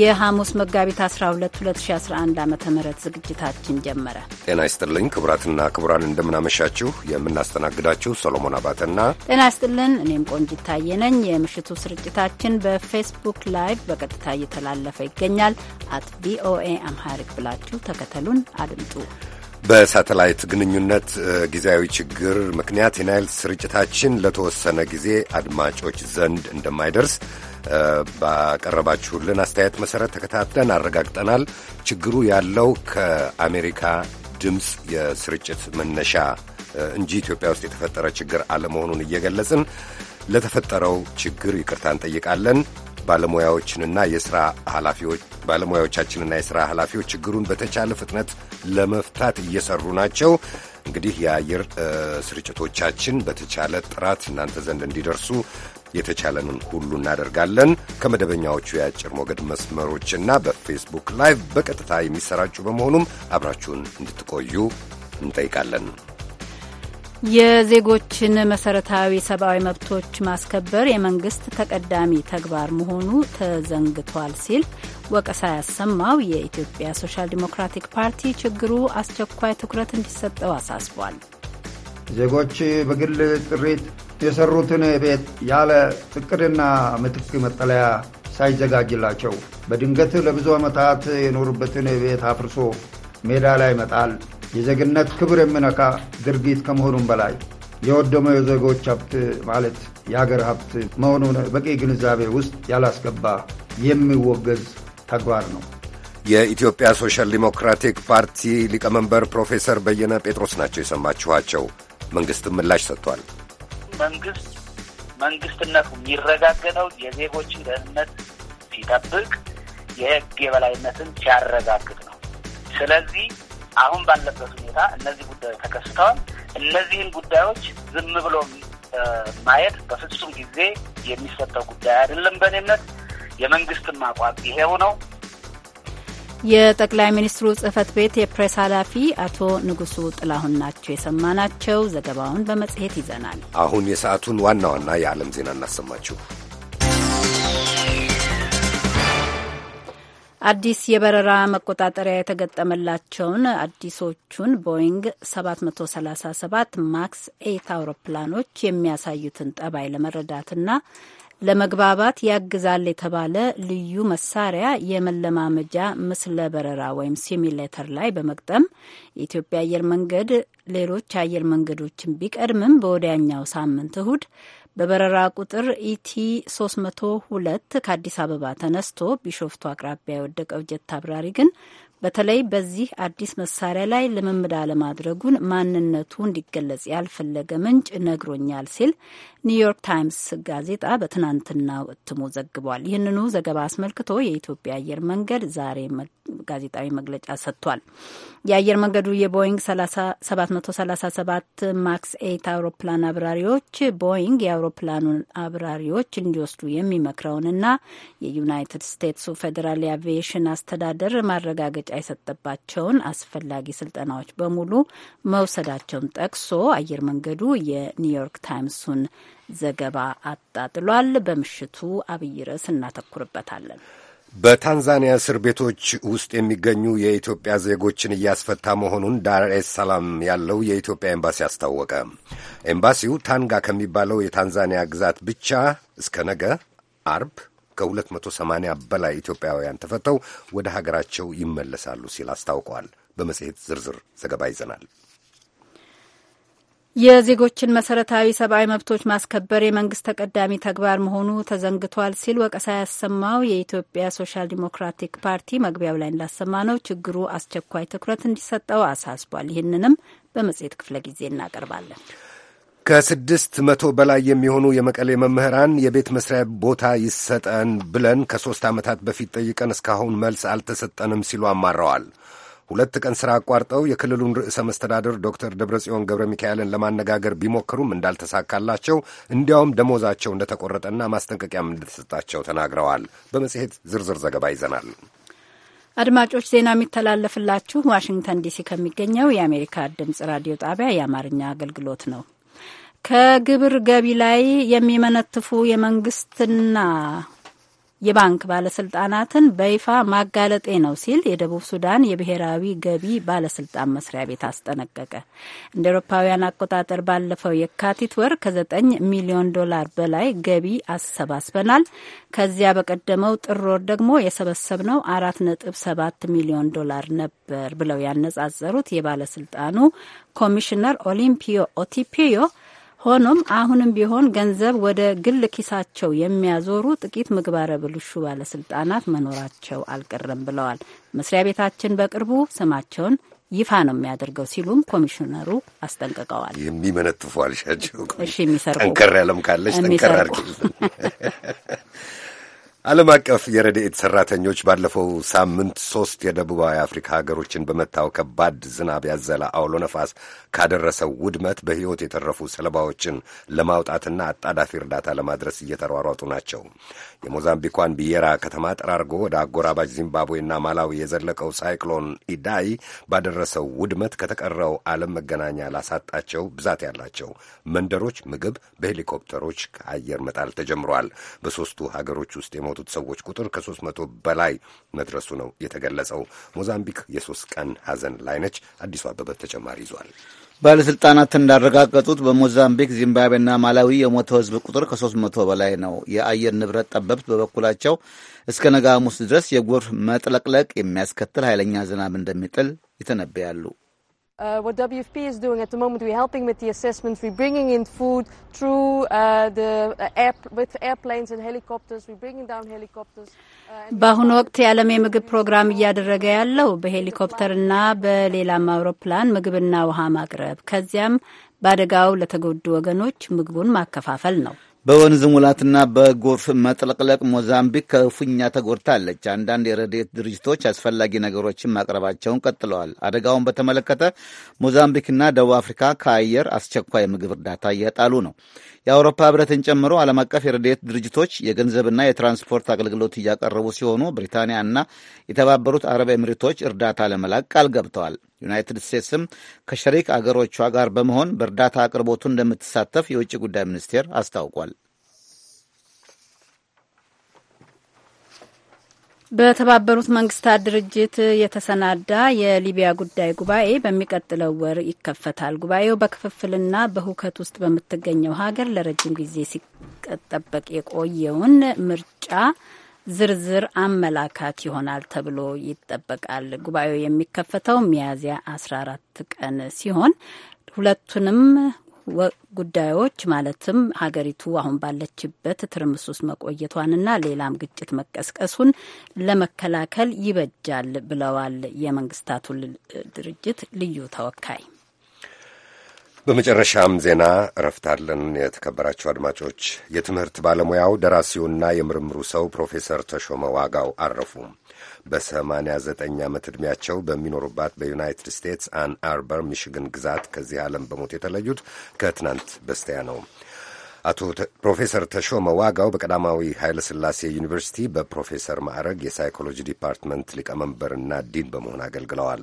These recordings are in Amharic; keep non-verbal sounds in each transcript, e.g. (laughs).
የሐሙስ መጋቢት 12 2011 ዓ ም ዝግጅታችን ጀመረ። ጤና ይስጥልኝ ክቡራትና ክቡራን፣ እንደምናመሻችሁ። የምናስተናግዳችሁ ሰሎሞን አባተና ጤና ይስጥልን፣ እኔም ቆንጂት ታየ ነኝ። የምሽቱ ስርጭታችን በፌስቡክ ላይቭ በቀጥታ እየተላለፈ ይገኛል። አት ቪኦኤ አምሃሪክ ብላችሁ ተከተሉን፣ አድምጡ። በሳተላይት ግንኙነት ጊዜያዊ ችግር ምክንያት የናይል ስርጭታችን ለተወሰነ ጊዜ አድማጮች ዘንድ እንደማይደርስ ባቀረባችሁልን አስተያየት መሰረት ተከታትለን አረጋግጠናል። ችግሩ ያለው ከአሜሪካ ድምፅ የስርጭት መነሻ እንጂ ኢትዮጵያ ውስጥ የተፈጠረ ችግር አለመሆኑን እየገለጽን ለተፈጠረው ችግር ይቅርታ እንጠይቃለን። ባለሙያዎችንና የሥራ ኃላፊዎች ባለሙያዎቻችንና የሥራ ኃላፊዎች ችግሩን በተቻለ ፍጥነት ለመፍታት እየሰሩ ናቸው። እንግዲህ የአየር ስርጭቶቻችን በተቻለ ጥራት እናንተ ዘንድ እንዲደርሱ የተቻለንን ሁሉ እናደርጋለን። ከመደበኛዎቹ የአጭር ሞገድ መስመሮችና በፌስቡክ ላይቭ በቀጥታ የሚሰራጩ በመሆኑም አብራችሁን እንድትቆዩ እንጠይቃለን። የዜጎችን መሰረታዊ ሰብአዊ መብቶች ማስከበር የመንግስት ተቀዳሚ ተግባር መሆኑ ተዘንግቷል ሲል ወቀሳ ያሰማው የኢትዮጵያ ሶሻል ዲሞክራቲክ ፓርቲ ችግሩ አስቸኳይ ትኩረት እንዲሰጠው አሳስቧል። ዜጎች በግል ጥሪት የሰሩትን ቤት ያለ እቅድና ምትክ መጠለያ ሳይዘጋጅላቸው በድንገት ለብዙ ዓመታት የኖሩበትን ቤት አፍርሶ ሜዳ ላይ መጣል የዜግነት ክብር የሚነካ ድርጊት ከመሆኑም በላይ የወደመው የዜጎች ሀብት ማለት የአገር ሀብት መሆኑን በቂ ግንዛቤ ውስጥ ያላስገባ የሚወገዝ ተግባር ነው። የኢትዮጵያ ሶሻል ዲሞክራቲክ ፓርቲ ሊቀመንበር ፕሮፌሰር በየነ ጴጥሮስ ናቸው የሰማችኋቸው። መንግሥትም ምላሽ ሰጥቷል። መንግስት መንግስትነቱ የሚረጋገጠው የዜጎችን ደህንነት ሲጠብቅ የህግ የበላይነትን ሲያረጋግጥ ነው። ስለዚህ አሁን ባለበት ሁኔታ እነዚህ ጉዳዮች ተከስተዋል። እነዚህን ጉዳዮች ዝም ብሎ ማየት በፍጹም ጊዜ የሚሰጠው ጉዳይ አይደለም። በእኔነት የመንግስትም አቋም ይሄው ነው። የጠቅላይ ሚኒስትሩ ጽህፈት ቤት የፕሬስ ኃላፊ አቶ ንጉሱ ጥላሁን ናቸው የሰማናቸው። ዘገባውን በመጽሔት ይዘናል። አሁን የሰዓቱን ዋና ዋና የዓለም ዜና እናሰማችሁ። አዲስ የበረራ መቆጣጠሪያ የተገጠመላቸውን አዲሶቹን ቦይንግ 737 ማክስ ኤት አውሮፕላኖች የሚያሳዩትን ጠባይ ለመረዳትና ለመግባባት ያግዛል የተባለ ልዩ መሳሪያ የመለማመጃ ምስለ በረራ ወይም ሲሚሌተር ላይ በመግጠም የኢትዮጵያ አየር መንገድ ሌሎች አየር መንገዶችን ቢቀድምም በወዲያኛው ሳምንት እሁድ በበረራ ቁጥር ኢቲ 302 ከአዲስ አበባ ተነስቶ ቢሾፍቱ አቅራቢያ የወደቀው ጀት አብራሪ ግን በተለይ በዚህ አዲስ መሳሪያ ላይ ልምምድ አለማድረጉን ማንነቱ እንዲገለጽ ያልፈለገ ምንጭ ነግሮኛል ሲል ኒውዮርክ ታይምስ ጋዜጣ በትናንትናው እትሙ ዘግቧል። ይህንኑ ዘገባ አስመልክቶ የኢትዮጵያ አየር መንገድ ዛሬ ጋዜጣዊ መግለጫ ሰጥቷል። የአየር መንገዱ የቦይንግ 737 ማክስ ኤት አውሮፕላን አብራሪዎች ቦይንግ የአውሮፕላኑን አብራሪዎች እንዲወስዱ የሚመክረውንና የዩናይትድ ስቴትሱ ፌዴራል የአቪዬሽን አስተዳደር ማረጋገጫ የሰጠባቸውን አስፈላጊ ስልጠናዎች በሙሉ መውሰዳቸውን ጠቅሶ አየር መንገዱ የኒውዮርክ ታይምሱን ዘገባ አጣጥሏል። በምሽቱ አብይ ርዕስ እናተኩርበታለን። በታንዛኒያ እስር ቤቶች ውስጥ የሚገኙ የኢትዮጵያ ዜጎችን እያስፈታ መሆኑን ዳር ሰላም ያለው የኢትዮጵያ ኤምባሲ አስታወቀ። ኤምባሲው ታንጋ ከሚባለው የታንዛኒያ ግዛት ብቻ እስከ ነገ አርብ ከ280 በላይ ኢትዮጵያውያን ተፈተው ወደ ሀገራቸው ይመለሳሉ ሲል አስታውቀዋል። በመጽሔት ዝርዝር ዘገባ ይዘናል። የዜጎችን መሰረታዊ ሰብአዊ መብቶች ማስከበር የመንግስት ተቀዳሚ ተግባር መሆኑ ተዘንግቷል ሲል ወቀሳ ያሰማው የኢትዮጵያ ሶሻል ዲሞክራቲክ ፓርቲ መግቢያው ላይ እንዳሰማ ነው ችግሩ አስቸኳይ ትኩረት እንዲሰጠው አሳስቧል። ይህንንም በመጽሔት ክፍለ ጊዜ እናቀርባለን። ከስድስት መቶ በላይ የሚሆኑ የመቀሌ መምህራን የቤት መስሪያ ቦታ ይሰጠን ብለን ከሦስት ዓመታት በፊት ጠይቀን እስካሁን መልስ አልተሰጠንም ሲሉ አማረዋል። ሁለት ቀን ስራ አቋርጠው የክልሉን ርዕሰ መስተዳድር ዶክተር ደብረጽዮን ገብረ ሚካኤልን ለማነጋገር ቢሞክሩም እንዳልተሳካላቸው እንዲያውም ደሞዛቸው እንደተቆረጠና ማስጠንቀቂያም እንደተሰጣቸው ተናግረዋል። በመጽሔት ዝርዝር ዘገባ ይዘናል። አድማጮች ዜና የሚተላለፍላችሁ ዋሽንግተን ዲሲ ከሚገኘው የአሜሪካ ድምጽ ራዲዮ ጣቢያ የአማርኛ አገልግሎት ነው። ከግብር ገቢ ላይ የሚመነትፉ የመንግስትና የባንክ ባለስልጣናትን በይፋ ማጋለጤ ነው ሲል የደቡብ ሱዳን የብሔራዊ ገቢ ባለስልጣን መስሪያ ቤት አስጠነቀቀ። እንደ ኤሮፓውያን አቆጣጠር ባለፈው የካቲት ወር ከዘጠኝ ሚሊዮን ዶላር በላይ ገቢ አሰባስበናል። ከዚያ በቀደመው ጥር ወር ደግሞ የሰበሰብነው አራት ነጥብ ሰባት ሚሊዮን ዶላር ነበር ብለው ያነጻጸሩት የባለስልጣኑ ኮሚሽነር ኦሊምፒዮ ኦቲፒዮ ሆኖም አሁንም ቢሆን ገንዘብ ወደ ግል ኪሳቸው የሚያዞሩ ጥቂት ምግባረ ብልሹ ባለስልጣናት መኖራቸው አልቀረም ብለዋል። መስሪያ ቤታችን በቅርቡ ስማቸውን ይፋ ነው የሚያደርገው ሲሉም ኮሚሽነሩ አስጠንቅቀዋል። የሚመነትፉ አልሻቸው ጠንከር ያለም ካለች ጠንከር አድርጊ ዓለም አቀፍ የረድኤት ሠራተኞች ባለፈው ሳምንት ሦስት የደቡባዊ አፍሪካ ሀገሮችን በመታው ከባድ ዝናብ ያዘለ አውሎ ነፋስ ካደረሰው ውድመት በሕይወት የተረፉ ሰለባዎችን ለማውጣትና አጣዳፊ እርዳታ ለማድረስ እየተሯሯጡ ናቸው። የሞዛምቢኳን ቢየራ ከተማ ጠራርጎ ወደ አጎራባች ዚምባብዌና ማላዊ የዘለቀው ሳይክሎን ኢዳይ ባደረሰው ውድመት ከተቀረው ዓለም መገናኛ ላሳጣቸው ብዛት ያላቸው መንደሮች ምግብ በሄሊኮፕተሮች ከአየር መጣል ተጀምሯል። በሦስቱ ሀገሮች ውስጥ የሞቱት ሰዎች ቁጥር ከሦስት መቶ በላይ መድረሱ ነው የተገለጸው። ሞዛምቢክ የሦስት ቀን ሐዘን ላይ ነች። አዲሱ አበበት ተጨማሪ ይዟል። ባለሥልጣናት እንዳረጋገጡት በሞዛምቢክ ዚምባብዌና ማላዊ የሞተው ሕዝብ ቁጥር ከሦስት መቶ በላይ ነው። የአየር ንብረት ጠበብት በበኩላቸው እስከ ነገ ሐሙስ ድረስ የጎርፍ መጥለቅለቅ የሚያስከትል ኃይለኛ ዝናብ እንደሚጥል ይተነብያሉ። uh, በአሁኑ ወቅት የዓለም የምግብ ፕሮግራም እያደረገ ያለው በሄሊኮፕተርና በሌላም አውሮፕላን ምግብና ውሃ ማቅረብ ከዚያም በአደጋው ለተጎዱ ወገኖች ምግቡን ማከፋፈል ነው። በወንዝ ሙላትና በጎርፍ መጥለቅለቅ ሞዛምቢክ ክፉኛ ተጎድታለች። አንዳንድ የረድኤት ድርጅቶች አስፈላጊ ነገሮችን ማቅረባቸውን ቀጥለዋል። አደጋውን በተመለከተ ሞዛምቢክና ደቡብ አፍሪካ ከአየር አስቸኳይ ምግብ እርዳታ እየጣሉ ነው። የአውሮፓ ሕብረትን ጨምሮ ዓለም አቀፍ የረድኤት ድርጅቶች የገንዘብና የትራንስፖርት አገልግሎት እያቀረቡ ሲሆኑ ብሪታንያና የተባበሩት አረብ ኤምሬቶች እርዳታ ለመላክ ቃል ገብተዋል። ዩናይትድ ስቴትስም ከሸሪክ አገሮቿ ጋር በመሆን በእርዳታ አቅርቦቱ እንደምትሳተፍ የውጭ ጉዳይ ሚኒስቴር አስታውቋል። በተባበሩት መንግስታት ድርጅት የተሰናዳ የሊቢያ ጉዳይ ጉባኤ በሚቀጥለው ወር ይከፈታል። ጉባኤው በክፍፍልና በሁከት ውስጥ በምትገኘው ሀገር ለረጅም ጊዜ ሲጠበቅ የቆየውን ምርጫ ዝርዝር አመላካት ይሆናል ተብሎ ይጠበቃል። ጉባኤው የሚከፈተው ሚያዝያ 14 ቀን ሲሆን ሁለቱንም ጉዳዮች ማለትም ሀገሪቱ አሁን ባለችበት ትርምስ ውስጥ መቆየቷንና ሌላም ግጭት መቀስቀሱን ለመከላከል ይበጃል ብለዋል የመንግስታቱ ድርጅት ልዩ ተወካይ። በመጨረሻም ዜና እረፍታለን። የተከበራቸው አድማጮች፣ የትምህርት ባለሙያው ደራሲውና የምርምሩ ሰው ፕሮፌሰር ተሾመ ዋጋው አረፉ። በ89 ዓመት ዕድሜያቸው በሚኖሩባት በዩናይትድ ስቴትስ አን አርበር ሚሽግን ግዛት ከዚህ ዓለም በሞት የተለዩት ከትናንት በስቲያ ነው። አቶ ፕሮፌሰር ተሾመ ዋጋው በቀዳማዊ ኃይለ ሥላሴ ዩኒቨርሲቲ በፕሮፌሰር ማዕረግ የሳይኮሎጂ ዲፓርትመንት ሊቀመንበርና ዲን በመሆን አገልግለዋል።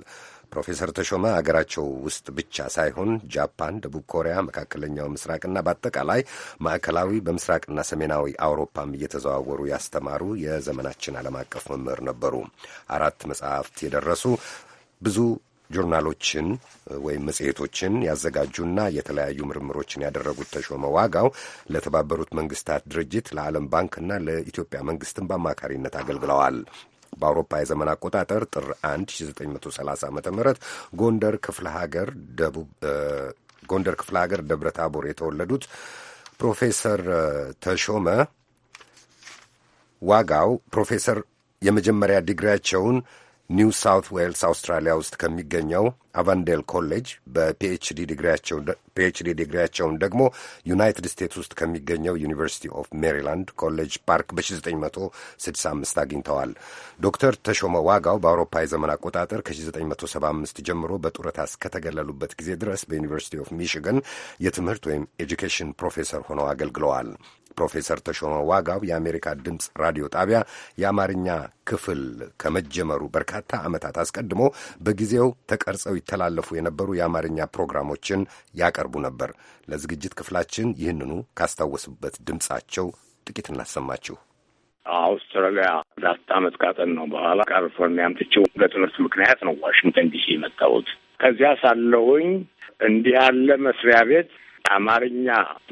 ፕሮፌሰር ተሾመ አገራቸው ውስጥ ብቻ ሳይሆን ጃፓን፣ ደቡብ ኮሪያ፣ መካከለኛው ምስራቅና በአጠቃላይ ማዕከላዊ በምስራቅና ሰሜናዊ አውሮፓም እየተዘዋወሩ ያስተማሩ የዘመናችን ዓለም አቀፍ መምህር ነበሩ። አራት መጽሐፍት የደረሱ ብዙ ጆርናሎችን ወይም መጽሔቶችን ያዘጋጁና የተለያዩ ምርምሮችን ያደረጉት ተሾመ ዋጋው ለተባበሩት መንግስታት ድርጅት ለዓለም ባንክና ለኢትዮጵያ መንግስትም በአማካሪነት አገልግለዋል። በአውሮፓ የዘመን አቆጣጠር ጥር 1930 ዓ ም ጎንደር ክፍለ ሀገር ደቡብ ጎንደር ክፍለ ሀገር ደብረ ታቦር የተወለዱት ፕሮፌሰር ተሾመ ዋጋው ፕሮፌሰር የመጀመሪያ ዲግሪያቸውን ኒው ሳውት ዌልስ አውስትራሊያ ውስጥ ከሚገኘው አቫንዴል ኮሌጅ በፒኤችዲ ዲግሪያቸውን ደግሞ ዩናይትድ ስቴትስ ውስጥ ከሚገኘው ዩኒቨርሲቲ ኦፍ ሜሪላንድ ኮሌጅ ፓርክ በ1965 አግኝተዋል። ዶክተር ተሾመ ዋጋው በአውሮፓ የዘመን አቆጣጠር ከ1975 ጀምሮ በጡረታ እስከተገለሉበት ጊዜ ድረስ በዩኒቨርሲቲ ኦፍ ሚሽገን የትምህርት ወይም ኤጁኬሽን ፕሮፌሰር ሆነው አገልግለዋል። ፕሮፌሰር ተሾመ ዋጋው የአሜሪካ ድምፅ ራዲዮ ጣቢያ የአማርኛ ክፍል ከመጀመሩ በርካታ ዓመታት አስቀድሞ በጊዜው ተቀርጸው ይተላለፉ የነበሩ የአማርኛ ፕሮግራሞችን ያቀርቡ ነበር። ለዝግጅት ክፍላችን ይህንኑ ካስታወሱበት ድምፃቸው ጥቂት እናሰማችሁ። አውስትራሊያ ዳስት ዓመት ካጠን ነው በኋላ ካሊፎርኒያም ትቼው በትምህርት ምክንያት ነው ዋሽንግተን ዲሲ የመጣሁት። ከዚያ ሳለሁኝ እንዲህ ያለ መስሪያ ቤት አማርኛ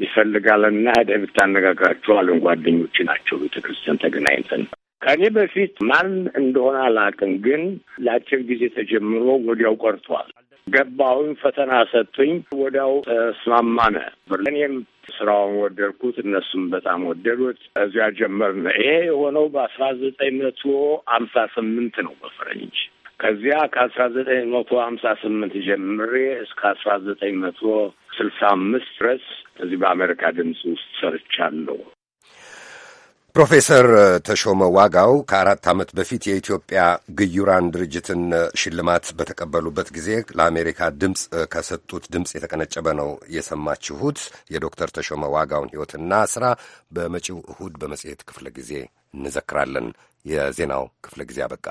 ይፈልጋልና ሄደህ ብታነጋግራቸው አሉን። ጓደኞች ናቸው። ቤተክርስቲያን ተገናኝተን ከእኔ በፊት ማን እንደሆነ አላውቅም፣ ግን ለአጭር ጊዜ ተጀምሮ ወዲያው ቀርቷል። ገባሁኝ፣ ፈተና ሰጡኝ፣ ወዲያው ተስማማነ። እኔም ስራውን ወደድኩት፣ እነሱም በጣም ወደዱት። እዚያ ጀመርን። ይሄ የሆነው በአስራ ዘጠኝ መቶ አምሳ ስምንት ነው በፈረንጅ ከዚያ ከአስራ ዘጠኝ መቶ ሀምሳ ስምንት ጀምሬ እስከ አስራ ዘጠኝ መቶ ስልሳ አምስት ድረስ እዚህ በአሜሪካ ድምፅ ውስጥ ሰርቻለሁ። ፕሮፌሰር ተሾመ ዋጋው ከአራት ዓመት በፊት የኢትዮጵያ ግዩራን ድርጅትን ሽልማት በተቀበሉበት ጊዜ ለአሜሪካ ድምፅ ከሰጡት ድምፅ የተቀነጨበ ነው የሰማችሁት። የዶክተር ተሾመ ዋጋውን ሕይወትና ስራ በመጪው እሁድ በመጽሔት ክፍለ ጊዜ እንዘክራለን። የዜናው ክፍለ ጊዜ አበቃ።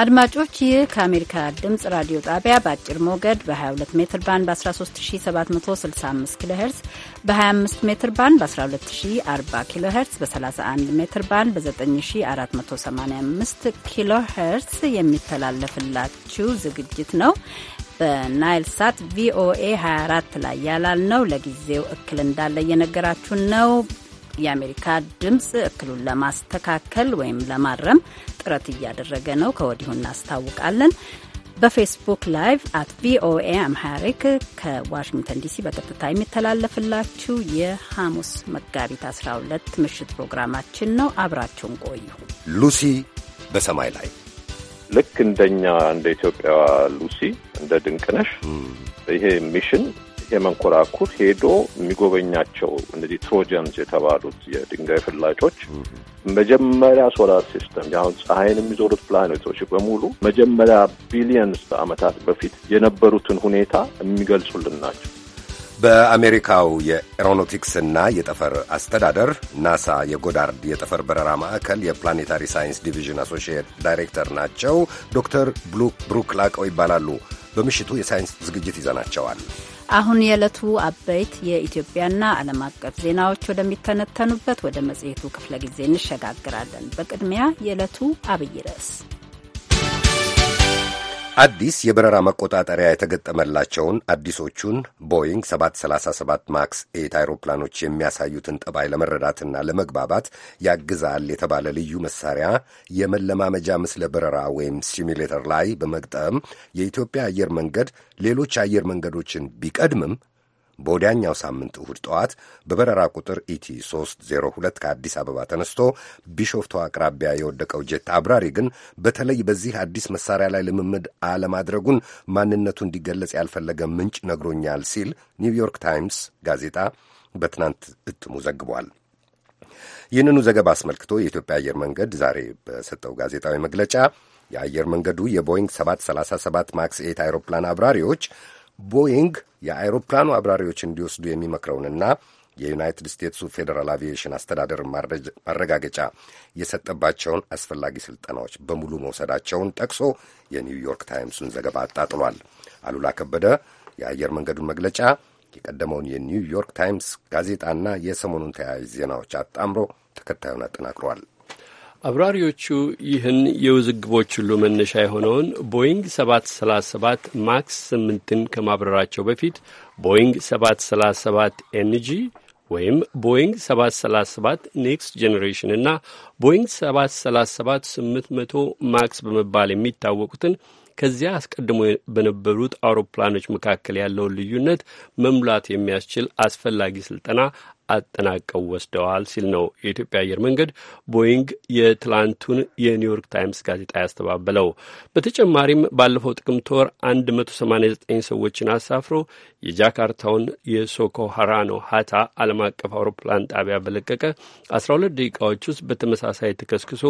አድማጮች ይህ ከአሜሪካ ድምፅ ራዲዮ ጣቢያ በአጭር ሞገድ በ22 ሜትር ባንድ በ13765 ኪሎ ሄርዝ በ25 ሜትር ባንድ በ1240 ኪሎ ሄርዝ በ31 ሜትር ባንድ በ9485 ኪሎ ሄርዝ የሚተላለፍላችሁ ዝግጅት ነው። በናይል ሳት ቪኦኤ 24 ላይ ያላልነው ለጊዜው እክል እንዳለ እየነገራችሁን ነው። የአሜሪካ ድምፅ እክሉን ለማስተካከል ወይም ለማረም ጥረት እያደረገ ነው። ከወዲሁ እናስታውቃለን። በፌስቡክ ላይቭ አት ቪኦኤ አምሃሪክ ከዋሽንግተን ዲሲ በቀጥታ የሚተላለፍላችሁ የሐሙስ መጋቢት 12 ምሽት ፕሮግራማችን ነው። አብራችሁን ቆዩ። ሉሲ በሰማይ ላይ ልክ እንደኛ እንደ ኢትዮጵያዋ ሉሲ እንደ ድንቅነሽ ይሄ ሚሽን የመንኮራኩር ሄዶ የሚጎበኛቸው እነዚህ ትሮጀንስ የተባሉት የድንጋይ ፍላጮች መጀመሪያ ሶላር ሲስተም አሁን ፀሐይን የሚዞሩት ፕላኔቶች በሙሉ መጀመሪያ ቢሊየንስ ዓመታት በፊት የነበሩትን ሁኔታ የሚገልጹልን ናቸው። በአሜሪካው የኤሮኖቲክስ የጠፈር አስተዳደር ናሳ የጎዳርድ የጠፈር በረራ ማዕከል የፕላኔታሪ ሳይንስ ዲቪዥን አሶሺየት ዳይሬክተር ናቸው። ዶክተር ብሩክ ላቀው ይባላሉ። በምሽቱ የሳይንስ ዝግጅት ይዘናቸዋል። አሁን የዕለቱ አበይት የኢትዮጵያና ዓለም አቀፍ ዜናዎች ወደሚተነተኑበት ወደ መጽሔቱ ክፍለ ጊዜ እንሸጋግራለን። በቅድሚያ የዕለቱ አብይ ርዕስ አዲስ የበረራ መቆጣጠሪያ የተገጠመላቸውን አዲሶቹን ቦይንግ 737 ማክስ ኤት አይሮፕላኖች የሚያሳዩትን ጠባይ ለመረዳትና ለመግባባት ያግዛል የተባለ ልዩ መሳሪያ የመለማመጃ ምስለ በረራ ወይም ሲሚሌተር ላይ በመግጠም የኢትዮጵያ አየር መንገድ ሌሎች አየር መንገዶችን ቢቀድምም በወዲያኛው ሳምንት እሁድ ጠዋት በበረራ ቁጥር ኢቲ 302 ከአዲስ አበባ ተነስቶ ቢሾፍቶ አቅራቢያ የወደቀው ጀት አብራሪ ግን በተለይ በዚህ አዲስ መሳሪያ ላይ ልምምድ አለማድረጉን ማንነቱ እንዲገለጽ ያልፈለገ ምንጭ ነግሮኛል ሲል ኒውዮርክ ታይምስ ጋዜጣ በትናንት እትሙ ዘግቧል። ይህንኑ ዘገባ አስመልክቶ የኢትዮጵያ አየር መንገድ ዛሬ በሰጠው ጋዜጣዊ መግለጫ የአየር መንገዱ የቦይንግ 737 ማክስ 8 አይሮፕላን አብራሪዎች ቦይንግ የአይሮፕላኑ አብራሪዎች እንዲወስዱ የሚመክረውንና የዩናይትድ ስቴትሱ ፌዴራል አቪዬሽን አስተዳደር ማረጋገጫ የሰጠባቸውን አስፈላጊ ስልጠናዎች በሙሉ መውሰዳቸውን ጠቅሶ የኒውዮርክ ታይምሱን ዘገባ አጣጥሏል። አሉላ ከበደ የአየር መንገዱን መግለጫ የቀደመውን የኒውዮርክ ታይምስ ጋዜጣና የሰሞኑን ተያያዥ ዜናዎች አጣምሮ ተከታዩን አጠናቅሯል። አብራሪዎቹ ይህን የውዝግቦች ሁሉ መነሻ የሆነውን ቦይንግ 737 ማክስ 8ን ከማብረራቸው በፊት ቦይንግ 737 ኤንጂ ወይም ቦይንግ 737 ኔክስት ጄኔሬሽን እና ቦይንግ 737 800 ማክስ በመባል የሚታወቁትን ከዚያ አስቀድሞ በነበሩት አውሮፕላኖች መካከል ያለውን ልዩነት መሙላት የሚያስችል አስፈላጊ ስልጠና አጠናቀው ወስደዋል ሲል ነው የኢትዮጵያ አየር መንገድ ቦይንግ የትላንቱን የኒውዮርክ ታይምስ ጋዜጣ ያስተባበለው። በተጨማሪም ባለፈው ጥቅምት ወር 189 ሰዎችን አሳፍሮ የጃካርታውን የሶኮ ሃራኖ ሀታ ዓለም አቀፍ አውሮፕላን ጣቢያ በለቀቀ 12 ደቂቃዎች ውስጥ በተመሳሳይ ተከስክሶ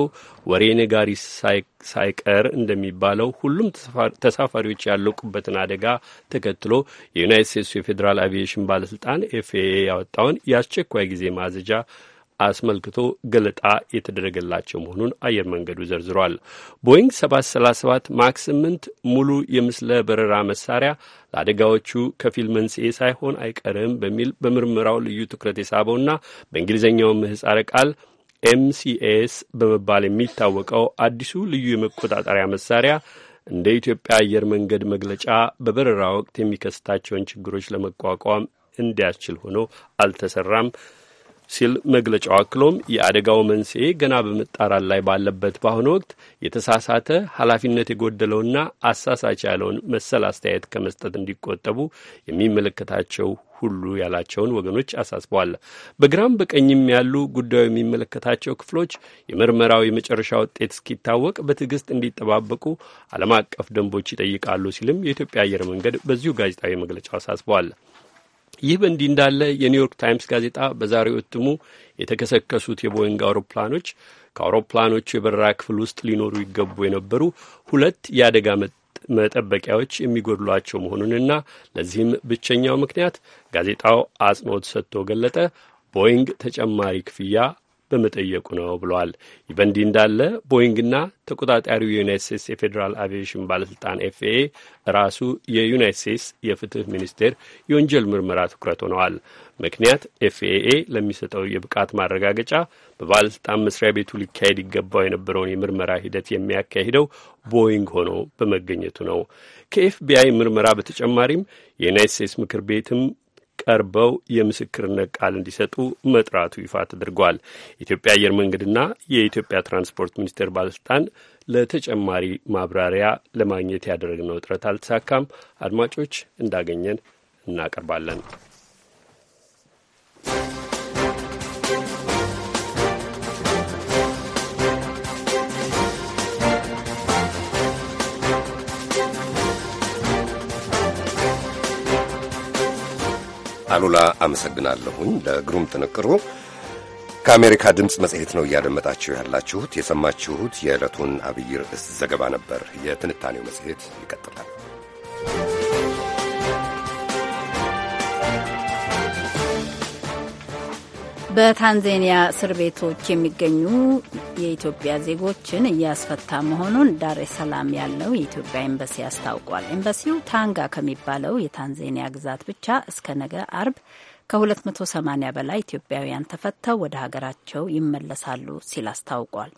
ወሬ ነጋሪ ሳይ ሳይቀር እንደሚባለው ሁሉም ተሳፋሪዎች ያለቁበትን አደጋ ተከትሎ የዩናይት ስቴትሱ የፌዴራል አቪዬሽን ባለስልጣን ኤፍኤ ያወጣውን የአስቸኳይ ጊዜ ማዘጃ አስመልክቶ ገለጣ የተደረገላቸው መሆኑን አየር መንገዱ ዘርዝሯል። ቦይንግ 737 ማክስ 8 ሙሉ የምስለ በረራ መሳሪያ ለአደጋዎቹ ከፊል መንስኤ ሳይሆን አይቀርም በሚል በምርመራው ልዩ ትኩረት የሳበውና በእንግሊዝኛው ምህጻረ ቃል ኤምሲኤስ በመባል የሚታወቀው አዲሱ ልዩ የመቆጣጠሪያ መሳሪያ እንደ ኢትዮጵያ አየር መንገድ መግለጫ በበረራ ወቅት የሚከስታቸውን ችግሮች ለመቋቋም እንዲያስችል ሆኖ አልተሰራም ሲል መግለጫው አክሎም የአደጋው መንስኤ ገና በመጣራት ላይ ባለበት በአሁኑ ወቅት የተሳሳተ ኃላፊነት የጎደለውና አሳሳች ያለውን መሰል አስተያየት ከመስጠት እንዲቆጠቡ የሚመለከታቸው ሁሉ ያላቸውን ወገኖች አሳስበዋል። በግራም በቀኝም ያሉ ጉዳዩ የሚመለከታቸው ክፍሎች የምርመራው የመጨረሻ ውጤት እስኪታወቅ በትዕግስት እንዲጠባበቁ ዓለም አቀፍ ደንቦች ይጠይቃሉ ሲልም የኢትዮጵያ አየር መንገድ በዚሁ ጋዜጣዊ መግለጫው አሳስበዋል። ይህ በእንዲህ እንዳለ የኒውዮርክ ታይምስ ጋዜጣ በዛሬው እትሙ የተከሰከሱት የቦይንግ አውሮፕላኖች ከአውሮፕላኖቹ የበረራ ክፍል ውስጥ ሊኖሩ ይገቡ የነበሩ ሁለት የአደጋ መጠ መጠበቂያዎች የሚጎድሏቸው መሆኑንና ለዚህም ብቸኛው ምክንያት ጋዜጣው አጽንኦት ሰጥቶ ገለጠ፣ ቦይንግ ተጨማሪ ክፍያ በመጠየቁ ነው ብለዋል። ይህ በእንዲህ እንዳለ ቦይንግና ተቆጣጣሪው የዩናይት ስቴትስ የፌዴራል አቪዬሽን ባለስልጣን ኤፍኤ ራሱ የዩናይት ስቴትስ የፍትህ ሚኒስቴር የወንጀል ምርመራ ትኩረት ሆነዋል። ምክንያት ኤፍኤኤ ለሚሰጠው የብቃት ማረጋገጫ በባለስልጣን መስሪያ ቤቱ ሊካሄድ ይገባው የነበረውን የምርመራ ሂደት የሚያካሂደው ቦይንግ ሆኖ በመገኘቱ ነው። ከኤፍቢአይ ምርመራ በተጨማሪም የዩናይት ስቴትስ ምክር ቤትም ቀርበው የምስክርነት ቃል እንዲሰጡ መጥራቱ ይፋ ተደርጓል። የኢትዮጵያ አየር መንገድና የኢትዮጵያ ትራንስፖርት ሚኒስቴር ባለስልጣን ለተጨማሪ ማብራሪያ ለማግኘት ያደረግነው ጥረት አልተሳካም። አድማጮች እንዳገኘን እናቀርባለን። አሉላ አመሰግናለሁኝ ለግሩም ጥንቅሩ። ከአሜሪካ ድምፅ መጽሔት ነው እያደመጣችሁ ያላችሁት። የሰማችሁት የዕለቱን አብይ ርዕስ ዘገባ ነበር። የትንታኔው መጽሔት ይቀጥላል። በታንዛኒያ እስር ቤቶች የሚገኙ የኢትዮጵያ ዜጎችን እያስፈታ መሆኑን ዳር ሰላም ያለው የኢትዮጵያ ኤምባሲ አስታውቋል። ኤምባሲው ታንጋ ከሚባለው የታንዛኒያ ግዛት ብቻ እስከ ነገ አርብ ከ280 በላይ ኢትዮጵያውያን ተፈተው ወደ ሀገራቸው ይመለሳሉ ሲል አስታውቋል።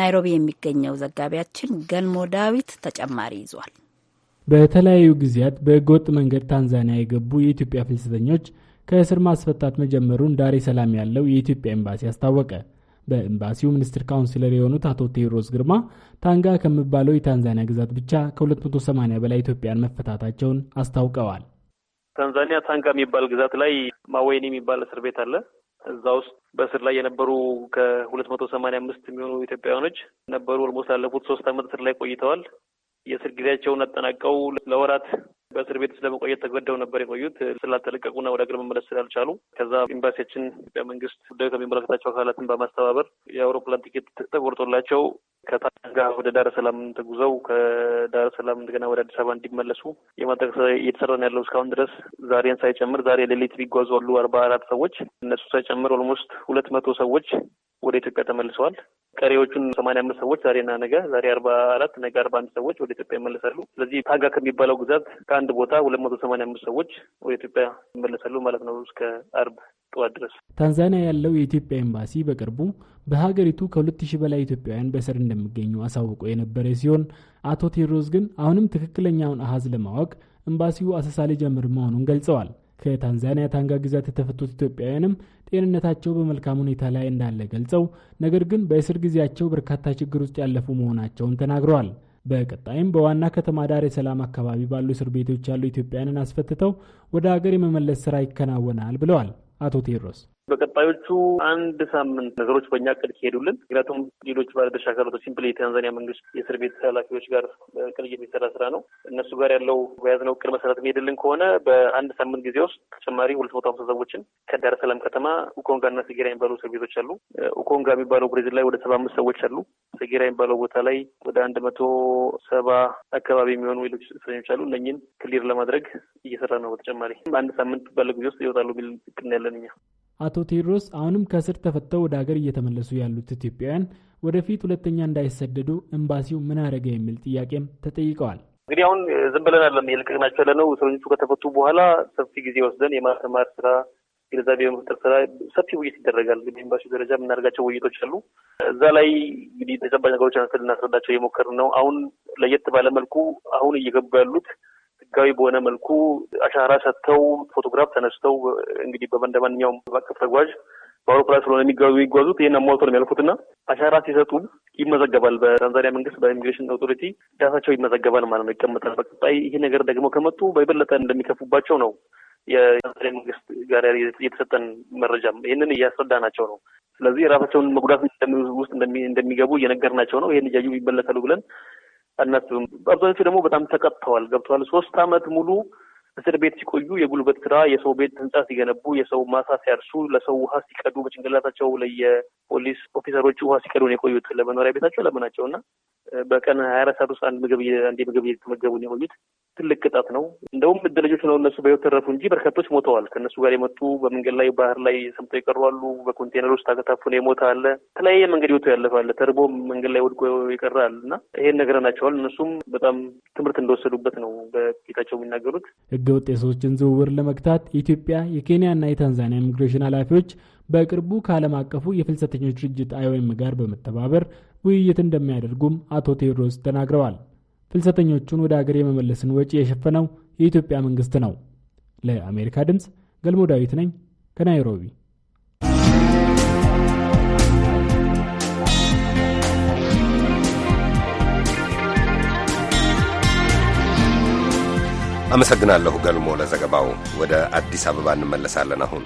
ናይሮቢ የሚገኘው ዘጋቢያችን ገልሞ ዳዊት ተጨማሪ ይዟል። በተለያዩ ጊዜያት በህገወጥ መንገድ ታንዛኒያ የገቡ የኢትዮጵያ ፍልሰተኞች ከእስር ማስፈታት መጀመሩን ዳሬ ሰላም ያለው የኢትዮጵያ ኤምባሲ አስታወቀ። በኤምባሲው ሚኒስትር ካውንስለር የሆኑት አቶ ቴዎድሮስ ግርማ ታንጋ ከሚባለው የታንዛኒያ ግዛት ብቻ ከ280 በላይ ኢትዮጵያን መፈታታቸውን አስታውቀዋል። ታንዛኒያ ታንጋ የሚባል ግዛት ላይ ማወይኒ የሚባል እስር ቤት አለ። እዛ ውስጥ በእስር ላይ የነበሩ ከሁለት መቶ ሰማንያ አምስት የሚሆኑ ኢትዮጵያውያኖች ነበሩ። ኦልሞስት ላለፉት ሶስት ዓመት እስር ላይ ቆይተዋል። የእስር ጊዜያቸውን አጠናቀው ለወራት በእስር ቤት ስለመቆየት ተገደው ነበር የቆዩት ስላልተለቀቁና ወደ ሀገር መመለስ ስላልቻሉ። ከዛ ኤምባሲያችን ኢትዮጵያ መንግስት ጉዳዩ ከሚመለከታቸው አካላትን በማስተባበር የአውሮፕላን ቲኬት ተቆርጦላቸው ከጣሊያን ጋር ወደ ዳረ ሰላም ተጉዘው ከዳረ ሰላም እንደገና ወደ አዲስ አበባ እንዲመለሱ የማድረግ እየተሰራ ያለው እስካሁን ድረስ ዛሬን ሳይጨምር ዛሬ ሌሊት ቢጓዙ አሉ አርባ አራት ሰዎች እነሱ ሳይጨምር ኦልሞስት ሁለት መቶ ሰዎች ወደ ኢትዮጵያ ተመልሰዋል። ቀሪዎቹን ሰማንያ አምስት ሰዎች ዛሬና ነገ ዛሬ አርባ አራት ነገ አርባ አንድ ሰዎች ወደ ኢትዮጵያ ይመለሳሉ። ስለዚህ ታጋ ከሚባለው ግዛት ከአንድ ቦታ ሁለት መቶ ሰማንያ አምስት ሰዎች ወደ ኢትዮጵያ ይመለሳሉ ማለት ነው እስከ አርብ ጠዋት ድረስ። ታንዛኒያ ያለው የኢትዮጵያ ኤምባሲ በቅርቡ በሀገሪቱ ከሁለት ሺህ በላይ ኢትዮጵያውያን በእስር እንደሚገኙ አሳውቆ የነበረ ሲሆን አቶ ቴዎድሮስ ግን አሁንም ትክክለኛውን አሃዝ ለማወቅ ኤምባሲው አሰሳ ሊጀምር መሆኑን ገልጸዋል። ከታንዛኒያ ታንጋ ግዛት የተፈቱት ኢትዮጵያውያንም ጤንነታቸው በመልካም ሁኔታ ላይ እንዳለ ገልጸው ነገር ግን በእስር ጊዜያቸው በርካታ ችግር ውስጥ ያለፉ መሆናቸውን ተናግረዋል። በቀጣይም በዋና ከተማ ዳር የሰላም አካባቢ ባሉ እስር ቤቶች ያሉ ኢትዮጵያውያንን አስፈትተው ወደ ሀገር የመመለስ ስራ ይከናወናል ብለዋል አቶ ቴድሮስ። በቀጣዮቹ አንድ ሳምንት ነገሮች በእኛ ቅድ ሲሄዱልን፣ ምክንያቱም ሌሎች ባለድርሻ አካላቶች ሲምፕል የታንዛኒያ መንግስት የእስር ቤት ኃላፊዎች ጋር ቅንጅት የሚሰራ ስራ ነው። እነሱ ጋር ያለው በያዝነው ቅድ መሰረት የሚሄድልን ከሆነ በአንድ ሳምንት ጊዜ ውስጥ ተጨማሪ ሁለት መቶ ሀምሳ ሰዎችን ከዳር ሰላም ከተማ እና ሰጌራ የሚባሉ እስር ቤቶች አሉ። ኡኮንጋ የሚባለው ብሬዚል ላይ ወደ ሰባ አምስት ሰዎች አሉ። ሰጌራ የሚባለው ቦታ ላይ ወደ አንድ መቶ ሰባ አካባቢ የሚሆኑ ሌሎች እስረኞች አሉ። እነኝን ክሊር ለማድረግ እየሰራ ነው። በተጨማሪ በአንድ ሳምንት ባለ ጊዜ ውስጥ ይወጣሉ የሚል እቅድ ያለን እኛ። አቶ ቴዎድሮስ አሁንም ከእስር ተፈተው ወደ ሀገር እየተመለሱ ያሉት ኢትዮጵያውያን ወደፊት ሁለተኛ እንዳይሰደዱ ኤምባሲው ምን አደረገ የሚል ጥያቄም ተጠይቀዋል። እንግዲህ አሁን ዝም ብለን አለም የለቀቅናቸው ያለ ነው። እስረኞቹ ከተፈቱ በኋላ ሰፊ ጊዜ ወስደን የማስተማር ስራ፣ ግንዛቤ በመፍጠር ስራ ሰፊ ውይይት ይደረጋል። እንግዲህ ኤምባሲው ደረጃ የምናደርጋቸው ውይይቶች አሉ። እዛ ላይ እንግዲህ ተጨባጭ ነገሮች አንስተን ልናስረዳቸው የሞከርን ነው። አሁን ለየት ባለመልኩ አሁን እየገቡ ያሉት ህጋዊ በሆነ መልኩ አሻራ ሰጥተው ፎቶግራፍ ተነስተው እንግዲህ በበንደማንኛውም በቀፍ ተጓዥ በአውሮፕላን ስለሆነ የሚጓዙት ይህን አሟልቶ ነው የሚያልፉት እና አሻራ ሲሰጡ ይመዘገባል። በታንዛኒያ መንግስት በኢሚግሬሽን አውቶሪቲ ዳሳቸው ይመዘገባል ማለት ነው፣ ይቀመጣል። በቀጣይ ይህ ነገር ደግሞ ከመጡ በይበለጠ እንደሚከፉባቸው ነው የታንዛኒያ መንግስት ጋር የተሰጠን መረጃም ይህንን እያስረዳናቸው ነው። ስለዚህ የራሳቸውን መጉዳት ውስጥ እንደሚገቡ እየነገርናቸው ነው። ይህን እያዩ ይበለታሉ ብለን እነሱ አብዛኞቹ ደግሞ በጣም ተቀጥተዋል ገብተዋል። ሶስት አመት ሙሉ እስር ቤት ሲቆዩ የጉልበት ስራ፣ የሰው ቤት ህንጻ ሲገነቡ፣ የሰው ማሳ ሲያርሱ፣ ለሰው ውሃ ሲቀዱ በጭንቅላታቸው ለየፖሊስ ኦፊሰሮች ውሃ ሲቀዱ ነው የቆዩት ለመኖሪያ ቤታቸው ለምናቸው እና በቀን ሀያ አራት ሰዓት ውስጥ አንድ ምግብ ምግብ እየተመገቡ ነው የቆዩት። ትልቅ ቅጣት ነው። እንደውም እድለኞች ነው እነሱ በህይወት ተረፉ እንጂ በርካቶች ሞተዋል። ከእነሱ ጋር የመጡ በመንገድ ላይ ባህር ላይ ሰምተው የቀሩ አሉ። በኮንቴነር ውስጥ አከታፉን የሞተ አለ። የተለያየ መንገድ ህይወቱ ያለፋለ ተርቦ መንገድ ላይ ወድቆ የቀረ አለ እና ይሄን ነግረናቸዋል። እነሱም በጣም ትምህርት እንደወሰዱበት ነው በጌታቸው የሚናገሩት። ህገ ወጥ የሰዎችን ዝውውር ለመግታት የኢትዮጵያ የኬንያና የታንዛኒያ ኢሚግሬሽን ኃላፊዎች በቅርቡ ከዓለም አቀፉ የፍልሰተኞች ድርጅት አይኦኤም ጋር በመተባበር ውይይት እንደሚያደርጉም አቶ ቴዎድሮስ ተናግረዋል። ፍልሰተኞቹን ወደ አገር የመመለስን ወጪ የሸፈነው የኢትዮጵያ መንግስት ነው። ለአሜሪካ ድምፅ ገልሞ ዳዊት ነኝ ከናይሮቢ። አመሰግናለሁ ገልሞ ለዘገባው። ወደ አዲስ አበባ እንመለሳለን አሁን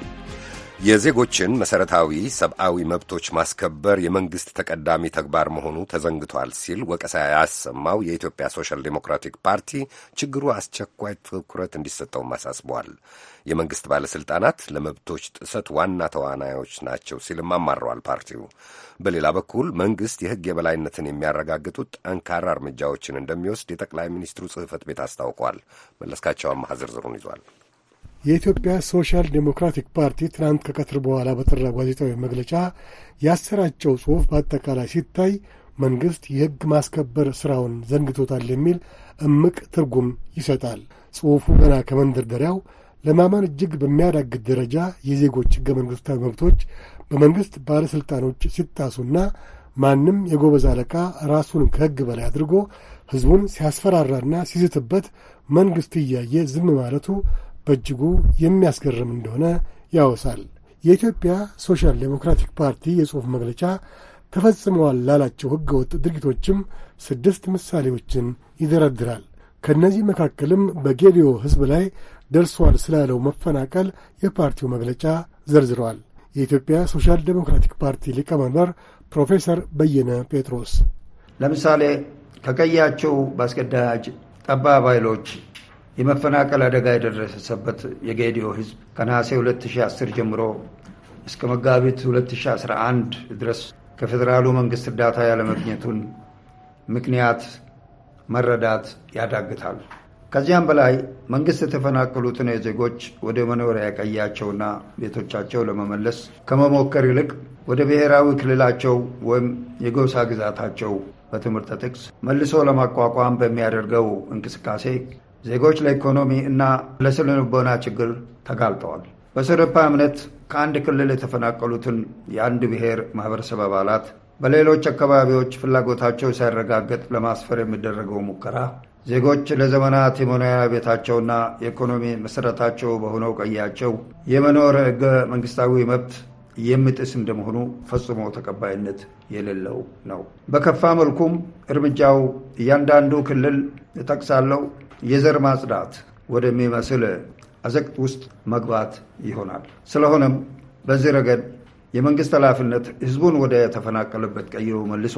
የዜጎችን መሠረታዊ ሰብአዊ መብቶች ማስከበር የመንግሥት ተቀዳሚ ተግባር መሆኑ ተዘንግቷል ሲል ወቀሳ ያሰማው የኢትዮጵያ ሶሻል ዴሞክራቲክ ፓርቲ ችግሩ አስቸኳይ ትኩረት እንዲሰጠውም አሳስበዋል። የመንግሥት ባለሥልጣናት ለመብቶች ጥሰት ዋና ተዋናዮች ናቸው ሲልም አማረዋል። ፓርቲው በሌላ በኩል መንግሥት የሕግ የበላይነትን የሚያረጋግጡት ጠንካራ እርምጃዎችን እንደሚወስድ የጠቅላይ ሚኒስትሩ ጽሕፈት ቤት አስታውቋል። መለስካቸው አማሃ ዝርዝሩን ይዟል። የኢትዮጵያ ሶሻል ዴሞክራቲክ ፓርቲ ትናንት ከቀትር በኋላ በጠራ ጋዜጣዊ መግለጫ ያሰራጨው ጽሑፍ በአጠቃላይ ሲታይ መንግሥት የሕግ ማስከበር ሥራውን ዘንግቶታል የሚል እምቅ ትርጉም ይሰጣል። ጽሑፉ ገና ከመንደርደሪያው ለማመን እጅግ በሚያዳግድ ደረጃ የዜጎች ሕገ መንግሥታዊ መብቶች በመንግሥት ባለሥልጣኖች ሲጣሱና ማንም የጎበዝ አለቃ ራሱን ከሕግ በላይ አድርጎ ሕዝቡን ሲያስፈራራና ሲዝትበት መንግሥት እያየ ዝም ማለቱ በእጅጉ የሚያስገርም እንደሆነ ያወሳል። የኢትዮጵያ ሶሻል ዴሞክራቲክ ፓርቲ የጽሑፍ መግለጫ ተፈጽመዋል ላላቸው ሕገወጥ ድርጊቶችም ስድስት ምሳሌዎችን ይደረድራል። ከእነዚህ መካከልም በጌዲዮ ሕዝብ ላይ ደርሷል ስላለው መፈናቀል የፓርቲው መግለጫ ዘርዝረዋል። የኢትዮጵያ ሶሻል ዴሞክራቲክ ፓርቲ ሊቀመንበር ፕሮፌሰር በየነ ጴጥሮስ ለምሳሌ ከቀያቸው በአስገዳጅ ጠባብ ኃይሎች የመፈናቀል አደጋ የደረሰበት የጌዲዮ ህዝብ ከነሐሴ 2010 ጀምሮ እስከ መጋቢት 2011 ድረስ ከፌዴራሉ መንግስት እርዳታ ያለመግኘቱን ምክንያት መረዳት ያዳግታል። ከዚያም በላይ መንግስት የተፈናቀሉትን ዜጎች ወደ መኖሪያ ቀያቸውና ቤቶቻቸው ለመመለስ ከመሞከር ይልቅ ወደ ብሔራዊ ክልላቸው ወይም የጎሳ ግዛታቸው በትምህርት ጥቅስ መልሶ ለማቋቋም በሚያደርገው እንቅስቃሴ ዜጎች ለኢኮኖሚ እና ለስነ ችግር ተጋልጠዋል። በስርፓ እምነት ከአንድ ክልል የተፈናቀሉትን የአንድ ብሔር ማህበረሰብ አባላት በሌሎች አካባቢዎች ፍላጎታቸው ሳይረጋገጥ ለማስፈር የሚደረገው ሙከራ ዜጎች ለዘመናት የመኖሪያ ቤታቸውና የኢኮኖሚ መሰረታቸው በሆነው ቀያቸው የመኖር ሕገ መንግስታዊ መብት የሚጥስ እንደመሆኑ ፈጽሞ ተቀባይነት የሌለው ነው። በከፋ መልኩም እርምጃው እያንዳንዱ ክልል እጠቅሳለሁ የዘር ማጽዳት ወደሚመስል አዘቅት ውስጥ መግባት ይሆናል። ስለሆነም በዚህ ረገድ የመንግስት ኃላፊነት ህዝቡን ወደ ተፈናቀለበት ቀይሮ መልሶ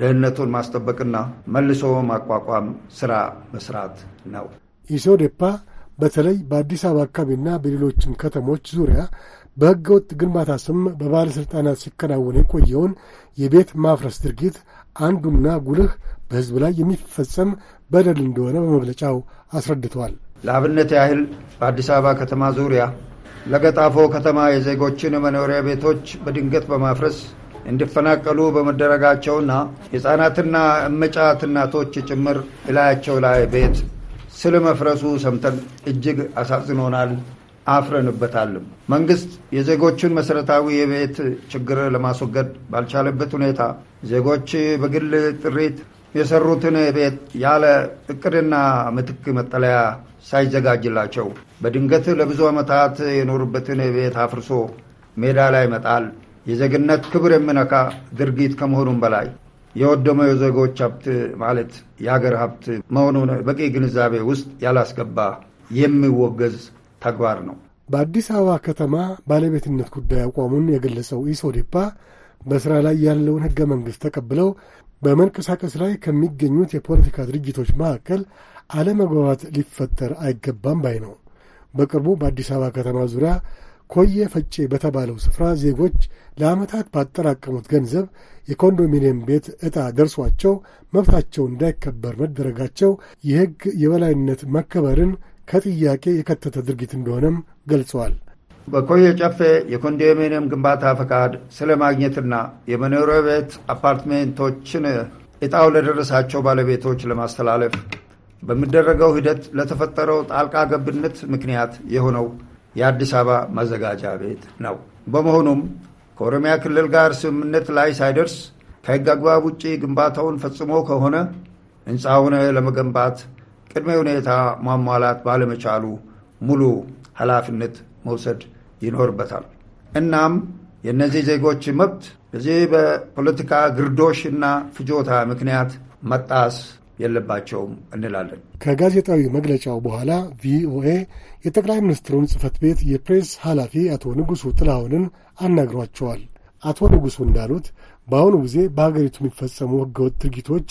ደህንነቱን ማስጠበቅና መልሶ ማቋቋም ስራ መስራት ነው። ኢሶዴፓ በተለይ በአዲስ አበባ አካባቢና በሌሎችም ከተሞች ዙሪያ በሕገ ወጥ ግንባታ ስም በባለሥልጣናት ሲከናወን የቆየውን የቤት ማፍረስ ድርጊት አንዱና ጉልህ በሕዝብ ላይ የሚፈጸም በደል እንደሆነ በመግለጫው አስረድተዋል። ለአብነት ያህል በአዲስ አበባ ከተማ ዙሪያ ለገጣፎ ከተማ የዜጎችን መኖሪያ ቤቶች በድንገት በማፍረስ እንዲፈናቀሉ በመደረጋቸውና ሕፃናትና እመጫት እናቶች ጭምር እላያቸው ላይ ቤት ስለ መፍረሱ ሰምተን እጅግ አሳዝኖናል፣ አፍረንበታልም። መንግሥት የዜጎቹን መሠረታዊ የቤት ችግር ለማስወገድ ባልቻለበት ሁኔታ ዜጎች በግል ጥሪት የሰሩትን ቤት ያለ እቅድና ምትክ መጠለያ ሳይዘጋጅላቸው በድንገት ለብዙ ዓመታት የኖሩበትን ቤት አፍርሶ ሜዳ ላይ መጣል የዜግነት ክብር የሚነካ ድርጊት ከመሆኑም በላይ የወደመው የዜጎች ሀብት ማለት የሀገር ሀብት መሆኑን በቂ ግንዛቤ ውስጥ ያላስገባ የሚወገዝ ተግባር ነው። በአዲስ አበባ ከተማ ባለቤትነት ጉዳይ አቋሙን የገለጸው ኢሶዴፓ በሥራ ላይ ያለውን ሕገ መንግሥት ተቀብለው በመንቀሳቀስ ላይ ከሚገኙት የፖለቲካ ድርጅቶች መካከል አለመግባባት ሊፈጠር አይገባም ባይ ነው። በቅርቡ በአዲስ አበባ ከተማ ዙሪያ ኮየ ፈጬ በተባለው ስፍራ ዜጎች ለዓመታት ባጠራቀሙት ገንዘብ የኮንዶሚኒየም ቤት ዕጣ ደርሷቸው መብታቸው እንዳይከበር መደረጋቸው የሕግ የበላይነት መከበርን ከጥያቄ የከተተ ድርጊት እንደሆነም ገልጸዋል። በኮየ ጨፌ የኮንዶሚኒየም ግንባታ ፈቃድ ስለማግኘትና የመኖሪያ ቤት አፓርትሜንቶችን እጣው ለደረሳቸው ባለቤቶች ለማስተላለፍ በሚደረገው ሂደት ለተፈጠረው ጣልቃ ገብነት ምክንያት የሆነው የአዲስ አበባ ማዘጋጃ ቤት ነው። በመሆኑም ከኦሮሚያ ክልል ጋር ስምምነት ላይ ሳይደርስ ከሕግ አግባብ ውጭ ግንባታውን ፈጽሞ ከሆነ ሕንፃውን ለመገንባት ቅድመ ሁኔታ ማሟላት ባለመቻሉ ሙሉ ኃላፊነት መውሰድ ይኖርበታል። እናም የእነዚህ ዜጎች መብት በዚህ በፖለቲካ ግርዶሽ እና ፍጆታ ምክንያት መጣስ የለባቸውም እንላለን። ከጋዜጣዊ መግለጫው በኋላ ቪኦኤ የጠቅላይ ሚኒስትሩን ጽህፈት ቤት የፕሬስ ኃላፊ አቶ ንጉሱ ጥላሁንን አናግሯቸዋል። አቶ ንጉሱ እንዳሉት በአሁኑ ጊዜ በሀገሪቱ የሚፈጸሙ ህገወጥ ድርጊቶች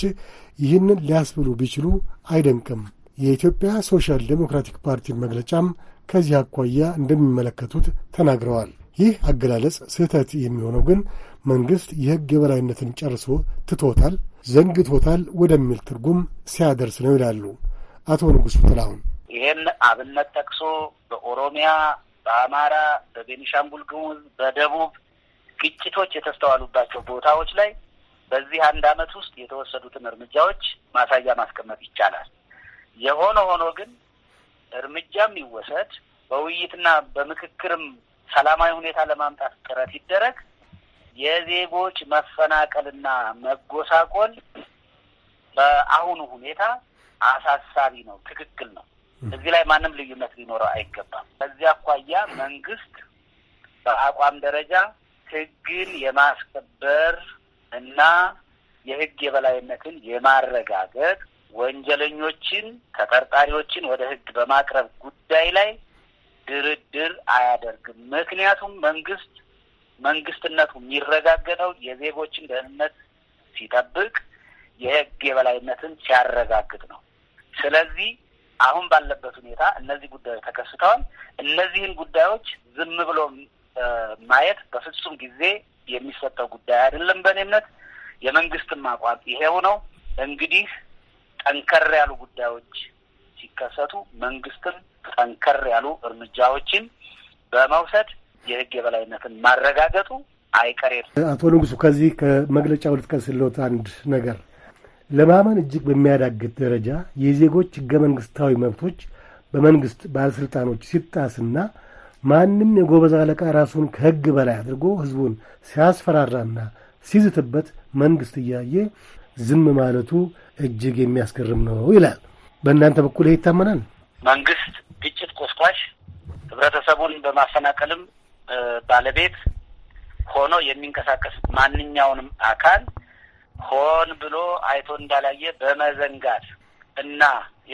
ይህንን ሊያስብሉ ቢችሉ አይደንቅም። የኢትዮጵያ ሶሻል ዴሞክራቲክ ፓርቲን መግለጫም ከዚህ አኳያ እንደሚመለከቱት ተናግረዋል። ይህ አገላለጽ ስህተት የሚሆነው ግን መንግሥት የሕግ የበላይነትን ጨርሶ ትቶታል፣ ዘንግቶታል ወደሚል ትርጉም ሲያደርስ ነው ይላሉ አቶ ንጉሡ ጥላሁን። ይህን አብነት ጠቅሶ በኦሮሚያ፣ በአማራ፣ በቤኒሻንጉል ጉሙዝ፣ በደቡብ ግጭቶች የተስተዋሉባቸው ቦታዎች ላይ በዚህ አንድ አመት ውስጥ የተወሰዱትን እርምጃዎች ማሳያ ማስቀመጥ ይቻላል። የሆነ ሆኖ ግን እርምጃም ይወሰድ፣ በውይይትና በምክክርም ሰላማዊ ሁኔታ ለማምጣት ጥረት ይደረግ። የዜጎች መፈናቀልና መጎሳቆል በአሁኑ ሁኔታ አሳሳቢ ነው። ትክክል ነው። እዚህ ላይ ማንም ልዩነት ሊኖረው አይገባም። በዚህ አኳያ መንግስት በአቋም ደረጃ ህግን የማስከበር እና የህግ የበላይነትን የማረጋገጥ ወንጀለኞችን ተጠርጣሪዎችን ወደ ህግ በማቅረብ ጉዳይ ላይ ድርድር አያደርግም። ምክንያቱም መንግስት መንግስትነቱ የሚረጋገጠው የዜጎችን ደህንነት ሲጠብቅ የህግ የበላይነትን ሲያረጋግጥ ነው። ስለዚህ አሁን ባለበት ሁኔታ እነዚህ ጉዳዮች ተከስተዋል። እነዚህን ጉዳዮች ዝም ብሎ ማየት በፍጹም ጊዜ የሚሰጠው ጉዳይ አይደለም። በእኔ እምነት የመንግስትም አቋም ይሄው ነው። እንግዲህ ጠንከር ያሉ ጉዳዮች ሲከሰቱ መንግስትም ጠንከር ያሉ እርምጃዎችን በመውሰድ የህግ የበላይነትን ማረጋገጡ አይቀሬ። አቶ ንጉሱ ከዚህ ከመግለጫው ልጥቀስልዎት አንድ ነገር ለማመን እጅግ በሚያዳግት ደረጃ የዜጎች ህገ መንግስታዊ መብቶች በመንግስት ባለስልጣኖች ሲጣስና ማንም የጎበዝ አለቃ ራሱን ከህግ በላይ አድርጎ ህዝቡን ሲያስፈራራና ሲዝትበት መንግስት እያየ ዝም ማለቱ እጅግ የሚያስገርም ነው ይላል። በእናንተ በኩል ይህ ይታመናል? መንግስት ግጭት ቆስቋሽ፣ ህብረተሰቡን በማፈናቀልም ባለቤት ሆኖ የሚንቀሳቀስ ማንኛውንም አካል ሆን ብሎ አይቶ እንዳላየ በመዘንጋት እና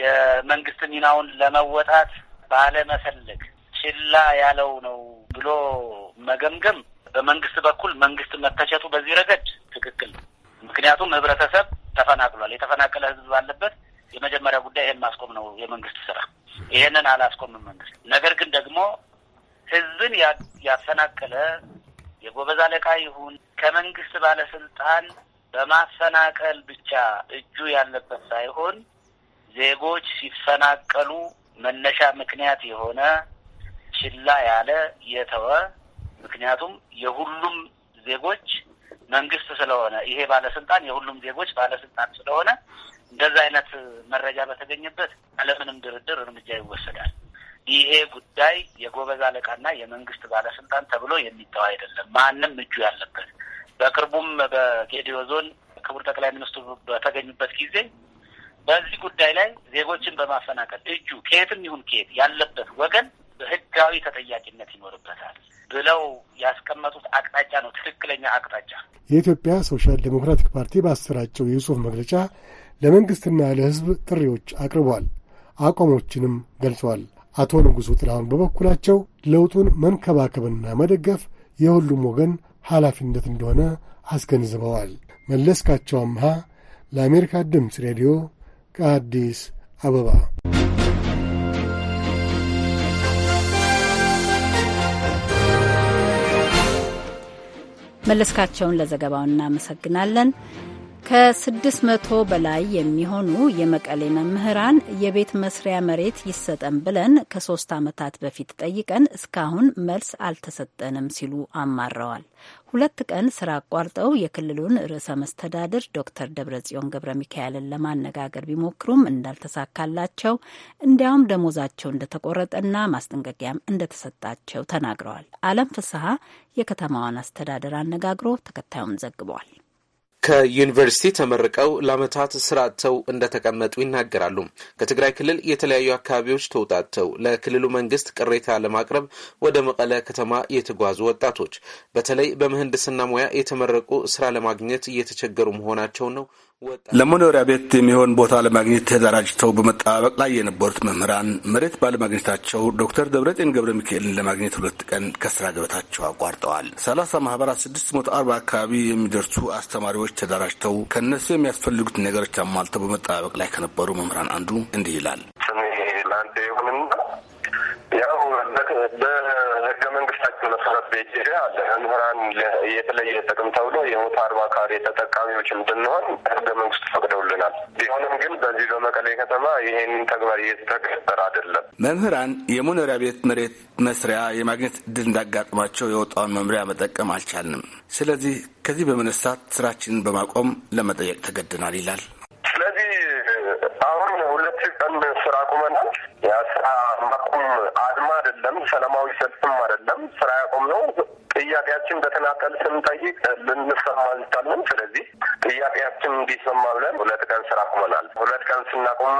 የመንግስት ሚናውን ለመወጣት ባለመፈለግ ችላ ያለው ነው ብሎ መገምገም በመንግስት በኩል መንግስት መተቸቱ በዚህ ረገድ ትክክል ነው። ምክንያቱም ህብረተሰብ ተፈናቅሏል። የተፈናቀለ ህዝብ ባለበት የመጀመሪያ ጉዳይ ይህን ማስቆም ነው የመንግስት ስራ። ይህንን አላስቆምም መንግስት። ነገር ግን ደግሞ ህዝብን ያፈናቀለ የጎበዝ አለቃ ይሁን ከመንግስት ባለስልጣን በማፈናቀል ብቻ እጁ ያለበት ሳይሆን ዜጎች ሲፈናቀሉ መነሻ ምክንያት የሆነ ችላ ያለ የተወ ምክንያቱም የሁሉም ዜጎች መንግስት ስለሆነ ይሄ ባለስልጣን የሁሉም ዜጎች ባለስልጣን ስለሆነ እንደዛ አይነት መረጃ በተገኘበት ያለምንም ድርድር እርምጃ ይወሰዳል። ይሄ ጉዳይ የጎበዝ አለቃና የመንግስት ባለስልጣን ተብሎ የሚተው አይደለም። ማንም እጁ ያለበት በቅርቡም በጌዲዮ ዞን ክቡር ጠቅላይ ሚኒስትሩ በተገኙበት ጊዜ በዚህ ጉዳይ ላይ ዜጎችን በማፈናቀል እጁ ከየትም ይሁን ከየት ያለበት ወገን በህጋዊ ተጠያቂነት ይኖርበታል። ብለው ያስቀመጡት አቅጣጫ ነው ትክክለኛ አቅጣጫ። የኢትዮጵያ ሶሻል ዴሞክራቲክ ፓርቲ ባሰራጨው የጽሑፍ መግለጫ ለመንግስትና ለህዝብ ጥሪዎች አቅርቧል። አቋሞችንም ገልጿል። አቶ ንጉሡ ጥላሁን በበኩላቸው ለውጡን መንከባከብና መደገፍ የሁሉም ወገን ኃላፊነት እንደሆነ አስገንዝበዋል። መለስካቸው አምሃ ለአሜሪካ ድምፅ ሬዲዮ ከአዲስ አበባ መለስካቸውን ለዘገባው እናመሰግናለን። ከ600 በላይ የሚሆኑ የመቀሌ መምህራን የቤት መስሪያ መሬት ይሰጠን ብለን ከሶስት ዓመታት በፊት ጠይቀን እስካሁን መልስ አልተሰጠንም ሲሉ አማረዋል። ሁለት ቀን ስራ አቋርጠው የክልሉን ርዕሰ መስተዳድር ዶክተር ደብረጽዮን ገብረ ሚካኤልን ለማነጋገር ቢሞክሩም እንዳልተሳካላቸው እንዲያውም ደሞዛቸው እንደተቆረጠና ማስጠንቀቂያም እንደተሰጣቸው ተናግረዋል። አለም ፍስሐ የከተማዋን አስተዳደር አነጋግሮ ተከታዩን ዘግቧል። ከዩኒቨርሲቲ ተመርቀው ለዓመታት ስራ አጥተው እንደተቀመጡ ይናገራሉ። ከትግራይ ክልል የተለያዩ አካባቢዎች ተውጣጥተው ለክልሉ መንግስት ቅሬታ ለማቅረብ ወደ መቀለ ከተማ የተጓዙ ወጣቶች በተለይ በምህንድስና ሙያ የተመረቁ ስራ ለማግኘት እየተቸገሩ መሆናቸው ነው ለመኖሪያ ቤት የሚሆን ቦታ ለማግኘት ተደራጅተው በመጠባበቅ ላይ የነበሩት መምህራን መሬት ባለማግኘታቸው ዶክተር ደብረጤን ገብረ ሚካኤልን ለማግኘት ሁለት ቀን ከስራ ገበታቸው አቋርጠዋል። ሰላሳ ማህበራት ስድስት መቶ አርባ አካባቢ የሚደርሱ አስተማሪዎች ተደራጅተው ከእነሱ የሚያስፈልጉት ነገሮች አሟልተው በመጠባበቅ ላይ ከነበሩ መምህራን አንዱ እንዲህ ይላል። ያው በህገ መንግስት በጅዳ ለመምህራን የተለየ ጥቅም ተብሎ የሞት አርባ ካሬ ተጠቃሚዎችን ብንሆን ህገ መንግስቱ ፈቅደውልናል። ቢሆንም ግን በዚህ በመቀሌ ከተማ ይሄንን ተግባር እየተተገበረ አይደለም። መምህራን የመኖሪያ ቤት መሬት መስሪያ የማግኘት እድል እንዳጋጥሟቸው የወጣውን መምሪያ መጠቀም አልቻልንም። ስለዚህ ከዚህ በመነሳት ስራችንን በማቆም ለመጠየቅ ተገድናል ይላል። ስለዚህ አይደለም፣ ሰላማዊ ሰልፍም አይደለም። ስራ ነው። ጥያቄያችን በተናጠል ስንጠይቅ ልንሰማ አልቻልንም። ስለዚህ ጥያቄያችን እንዲሰማ ብለን ሁለት ቀን ስራ አቁመናል። ሁለት ቀን ስናቁም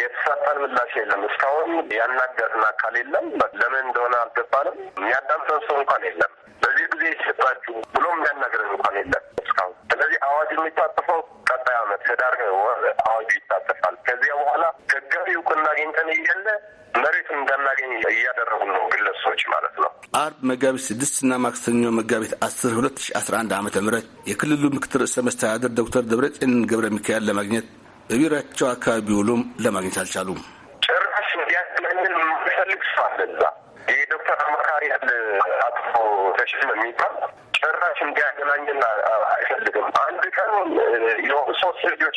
የተሰጠን ምላሽ የለም። እስካሁን ያናገርን አካል የለም። ለምን እንደሆነ አልገባንም። የሚያዳምጠን ሰው እንኳን የለም። በዚህ ጊዜ ይሰጣችሁ ብሎ የሚያናግረን እንኳን የለም እስካሁን። ስለዚህ አዋጅ የሚታጠፈው ቀጣይ አመት ህዳር አዋጁ ይታጠፋል። ከዚያ በኋላ ህጋዊ እውቅና አግኝተን እያለ መሬቱን እንዳናገኝ እያደረጉ ነው ግለሰቦች ማለት ነው። አርብ መጋቢት ስድስት እና ማክሰኞ መጋቢት አስር ሁለት ሺ አስራ አንድ አመተ ምህረት የክልሉ ምክትል ርዕሰ መስተዳደር ዶክተር ደብረጽዮን ገብረ ሚካኤል ለማግኘት በቢሮቸው አካባቢ ቢውሉም ለማግኘት አልቻሉም። ጭራሽ እንዲያገናኝን የምፈልግ ሰው አለ እዛ የዶክተር አማካሪ ያለ አቶ ኮሚኒኬሽን የሚባል ጭራሽ እንዲያገናኝና አይፈልግም። አንድ ቀን የሆኑ ሶስት ልጆች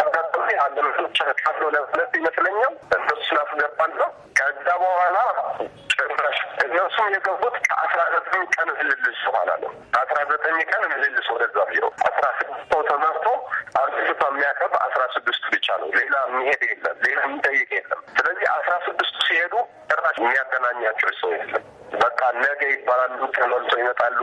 ተጋጣሚ አንድ መቶች ካለ ለሁለት ይመስለኛል እነሱን አስገባለሁ። ከዛ በኋላ ጭራሽ እነሱ የገቡት ከአስራ ዘጠኝ ቀን ምልልስ በኋላ ነው። ከአስራ ዘጠኝ ቀን ምልልስ ወደዛ ቢሮ አስራ ስድስት ሰው ተመርቶ አርቲስቷ የሚያቀርብ አስራ ስድስቱ ብቻ ነው። ሌላ የሚሄድ የለም። ሌላ የሚጠይቅ የለም። ስለዚህ አስራ ስድስቱ ሲሄዱ ጭራሽ የሚያገናኛቸው ሰው የለም። ብዙ ይመጣሉ።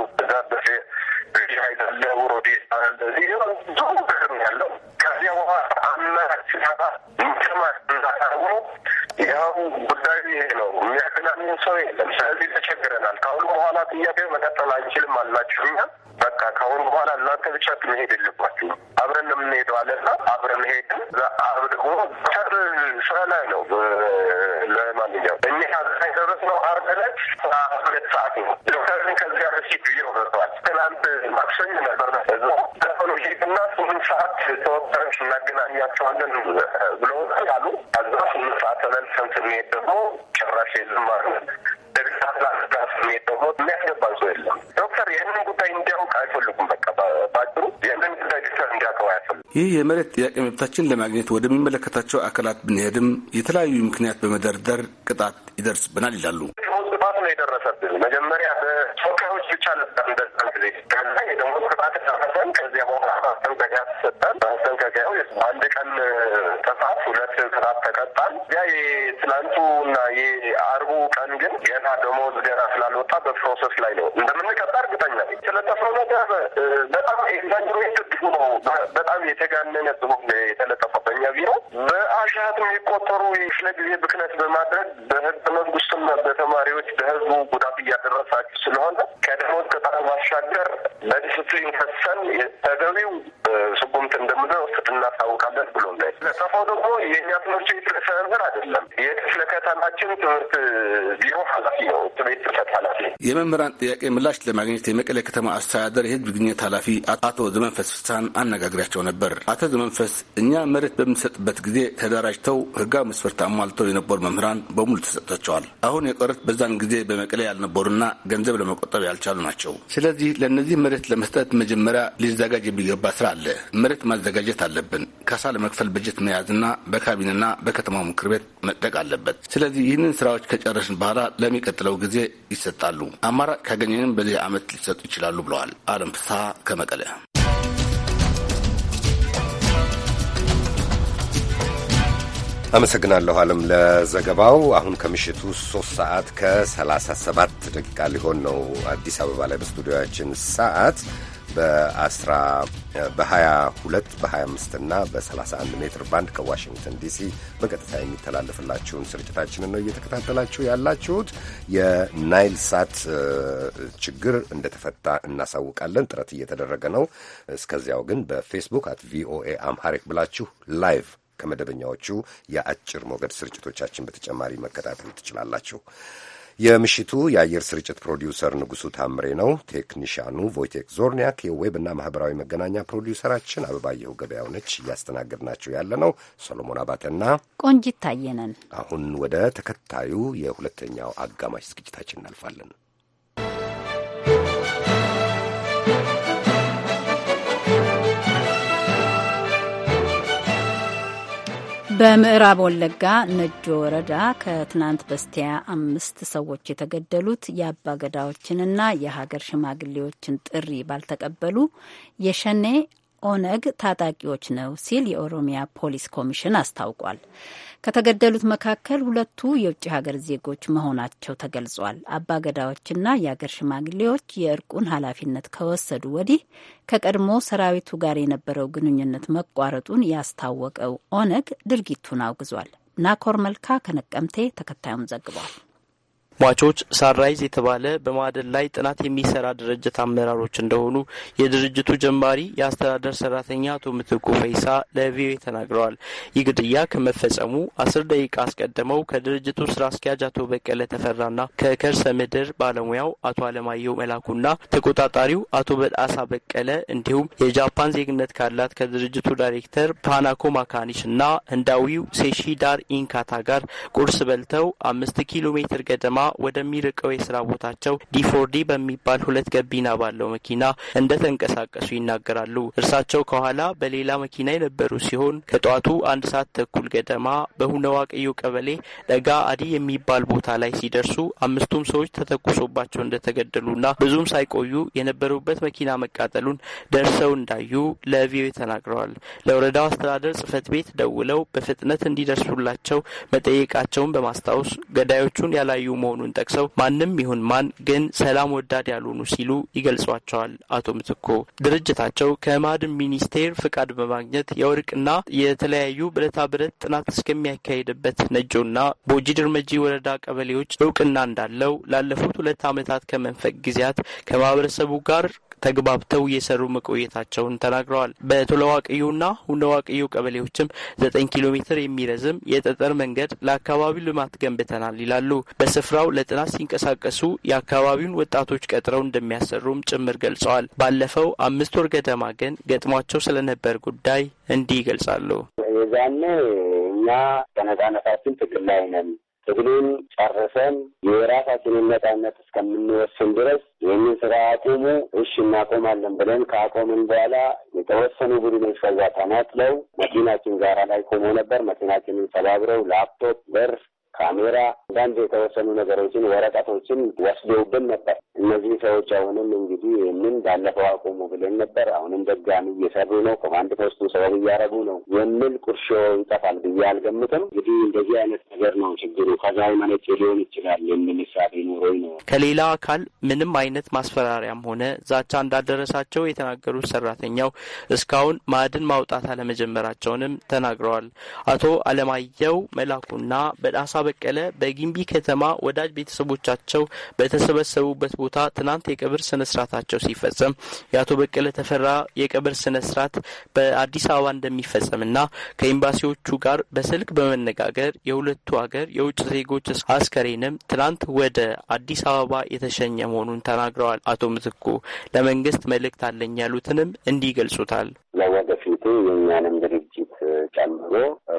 የመሬት ጥያቄ መብታችን ለማግኘት ወደሚመለከታቸው አካላት ብንሄድም የተለያዩ ምክንያት በመደርደር ቅጣት ይደርስብናል ይላሉ። የመማሩ የክፍለ ጊዜ ብክነት በማድረግ በህገ መንግስቱና በተማሪዎች በህዝቡ ጉዳት እያደረሳችሁ ስለሆነ ከደሞዝ ቅጣት ባሻገር በዲስፕሊን ከሰን ተገቢው እንደምንወስድ እናሳውቃለን ብሎ እንዳይ ለጠፋው ደግሞ የእኛ ትምህርት ቤት ርዕሰ መምህር አይደለም። የክፍለ ከተማችን ትምህርት ቢሮ ኃላፊ ነው። ቤት ጽፈት ኃላፊ የመምህራን ጥያቄ ምላሽ ለማግኘት የመቀሌ ከተማ አስተዳደር የህዝብ ግንኙነት ኃላፊ አቶ ዘመንፈስ ፍስሀን አነጋግሪያቸው ነበር። አቶ ዘመንፈስ እኛ መሬት በምንሰጥበት ጊዜ ተደራጅተው ህጋዊ መስፈርት አሟልተው የነበሩ መምህራን በሙሉ ተሰጥቷቸዋል። አሁን የቀሩት በዛን ጊዜ በመቀሌ ያልነበሩና ገንዘብ ለመቆጠብ ያልቻሉ ናቸው። ስለዚህ ለእነዚህ መሬት ለመስጠት መጀመሪያ ሊዘጋጅ የሚገባ ስራ አለ። መሬት ማዘጋጀት አለብን። ካሳ ለመክፈል በጀት መያዝና በካቢኔና በከተማው ምክር ቤት መጠቅ አለበት። ስለዚህ ይህንን ስራዎች ከጨረስን በኋላ ለሚቀጥለው ጊዜ ይሰጣሉ። አማራጭ ካገኘንም በዚህ ዓመት ሊሰጡ ይችላሉ ብለዋል። አለም ፍስሀ ከመቀለ አመሰግናለሁ አለም ለዘገባው። አሁን ከምሽቱ 3 ሰዓት ከ37 ደቂቃ ሊሆን ነው አዲስ አበባ ላይ በስቱዲዮያችን ሰዓት በ22 በ25 እና በ31 ሜትር ባንድ ከዋሽንግተን ዲሲ በቀጥታ የሚተላለፍላችሁን ስርጭታችንን ነው እየተከታተላችሁ ያላችሁት። የናይል ሳት ችግር እንደተፈታ እናሳውቃለን። ጥረት እየተደረገ ነው። እስከዚያው ግን በፌስቡክ አት ቪኦኤ አምሃሪክ ብላችሁ ላይቭ ከመደበኛዎቹ የአጭር ሞገድ ስርጭቶቻችን በተጨማሪ መከታተል ትችላላችሁ። የምሽቱ የአየር ስርጭት ፕሮዲውሰር ንጉሱ ታምሬ ነው። ቴክኒሻኑ ቮይቴክ ዞርኒያክ፣ የዌብና ማህበራዊ መገናኛ ፕሮዲውሰራችን አበባየሁ ገበያው ነች። እያስተናገድናችሁ ያለ ነው ሰሎሞን አባተና ቆንጂት ታየነን። አሁን ወደ ተከታዩ የሁለተኛው አጋማሽ ዝግጅታችን እናልፋለን። በምዕራብ ወለጋ ነጆ ወረዳ ከትናንት በስቲያ አምስት ሰዎች የተገደሉት የአባ ገዳዎችንና የሀገር ሽማግሌዎችን ጥሪ ባልተቀበሉ የሸኔ ኦነግ ታጣቂዎች ነው ሲል የኦሮሚያ ፖሊስ ኮሚሽን አስታውቋል። ከተገደሉት መካከል ሁለቱ የውጭ ሀገር ዜጎች መሆናቸው ተገልጿል። አባገዳዎችና የአገር ሽማግሌዎች የእርቁን ኃላፊነት ከወሰዱ ወዲህ ከቀድሞ ሰራዊቱ ጋር የነበረው ግንኙነት መቋረጡን ያስታወቀው ኦነግ ድርጊቱን አውግዟል። ናኮር መልካ ከነቀምቴ ተከታዩን ዘግቧል። ሟቾች ሳንራይዝ የተባለ በማዕድን ላይ ጥናት የሚሰራ ድርጅት አመራሮች እንደሆኑ የድርጅቱ ጀማሪ የአስተዳደር ሰራተኛ አቶ ምትኩ ፈይሳ ለቪኦኤ ተናግረዋል። ይህ ግድያ ከመፈጸሙ አስር ደቂቃ አስቀድመው ከድርጅቱ ስራ አስኪያጅ አቶ በቀለ ተፈራና ከከርሰ ምድር ባለሙያው አቶ አለማየሁ መላኩና ተቆጣጣሪው አቶ በጣሳ በቀለ እንዲሁም የጃፓን ዜግነት ካላት ከድርጅቱ ዳይሬክተር ፓናኮ ማካኒሽ እና ህንዳዊው ሴሺዳር ኢንካታ ጋር ቁርስ በልተው አምስት ኪሎ ሜትር ገደማ ወደሚርቀው የስራ ቦታቸው ዲፎርዲ በሚባል ሁለት ገቢና ባለው መኪና እንደተንቀሳቀሱ ይናገራሉ። እርሳቸው ከኋላ በሌላ መኪና የነበሩ ሲሆን ከጠዋቱ አንድ ሰዓት ተኩል ገደማ በሁነዋ ቀዩ ቀበሌ ደጋ አዲ የሚባል ቦታ ላይ ሲደርሱ አምስቱም ሰዎች ተተኩሶባቸው እንደተገደሉና ብዙም ሳይቆዩ የነበሩበት መኪና መቃጠሉን ደርሰው እንዳዩ ለቪኦኤ ተናግረዋል። ለወረዳው አስተዳደር ጽህፈት ቤት ደውለው በፍጥነት እንዲደርሱላቸው መጠየቃቸውን በማስታወስ ገዳዮቹን ያላዩ መሆ መሆኑን ጠቅሰው ማንም ይሁን ማን ግን ሰላም ወዳድ ያልሆኑ ሲሉ ይገልጿቸዋል። አቶ ምትኮ ድርጅታቸው ከማዕድን ሚኒስቴር ፍቃድ በማግኘት የወርቅና የተለያዩ ብረታ ብረት ጥናት እስከሚያካሄድበት ነጆና ቦጂ ድርመጂ ወረዳ ቀበሌዎች እውቅና እንዳለው ላለፉት ሁለት ዓመታት ከመንፈቅ ጊዜያት ከማህበረሰቡ ጋር ተግባብተው የሰሩ መቆየታቸውን ተናግረዋል። በቶለዋቅዩና ሁነዋቅዩ ቀበሌዎችም ዘጠኝ ኪሎ ሜትር የሚረዝም የጠጠር መንገድ ለአካባቢው ልማት ገንብተናል ይላሉ። በስፍራው ለጥናት ሲንቀሳቀሱ የአካባቢውን ወጣቶች ቀጥረው እንደሚያሰሩም ጭምር ገልጸዋል። ባለፈው አምስት ወር ገደማ ግን ገጥሟቸው ስለነበር ጉዳይ እንዲህ ይገልጻሉ። የዛኔ እኛ በነጻነታችን ትግል ላይ ነን ትግሉን ጨርሰን የራሳችንን ነጻነት እስከምንወስን ድረስ ይህንን ስራ አቁሙ፣ እሽ እናቆማለን ብለን ከአቆምን በኋላ የተወሰኑ ቡድኖች ከዛ ተናጥለው መኪናችን ጋራ ላይ ቆሞ ነበር። መኪናችንን ሰባብረው ላፕቶፕ በር ካሜራ፣ አንዳንድ የተወሰኑ ነገሮችን፣ ወረቀቶችን ወስደውብን ነበር። እነዚህ ሰዎች አሁንም እንግዲህ ይህንን ባለፈው አቁሙ ብለን ነበር። አሁንም ደጋሚ እየሰሩ ነው። ኮማንድ ፖስቱ ሰበብ እያደረጉ ነው የሚል ቁርሾ ይጠፋል ብዬ አልገምትም። እንግዲህ እንደዚህ አይነት ነገር ነው ችግሩ። ከዛ ሃይማኖት ሊሆን ይችላል የሚል ሳቤ ኖሮ ነው። ከሌላ አካል ምንም አይነት ማስፈራሪያም ሆነ ዛቻ እንዳልደረሳቸው የተናገሩት ሰራተኛው እስካሁን ማዕድን ማውጣት አለመጀመራቸውንም ተናግረዋል። አቶ አለማየሁ መላኩና በዳሳ በቀለ በጊምቢ ከተማ ወዳጅ ቤተሰቦቻቸው በተሰበሰቡበት ቦታ ትናንት የቀብር ስነ ስርዓታቸው ሲፈጸም የአቶ በቀለ ተፈራ የቀብር ስነ ስርዓት በአዲስ አበባ እንደሚፈጸምና ከኤምባሲዎቹ ጋር በስልክ በመነጋገር የሁለቱ ሀገር የውጭ ዜጎች አስከሬንም ትናንት ወደ አዲስ አበባ የተሸኘ መሆኑን ተናግረዋል። አቶ ምትኩ ለመንግስት መልእክት አለኝ ያሉትንም እንዲህ ገልጹታል። ለወደፊቱ የእኛን ጨምሮ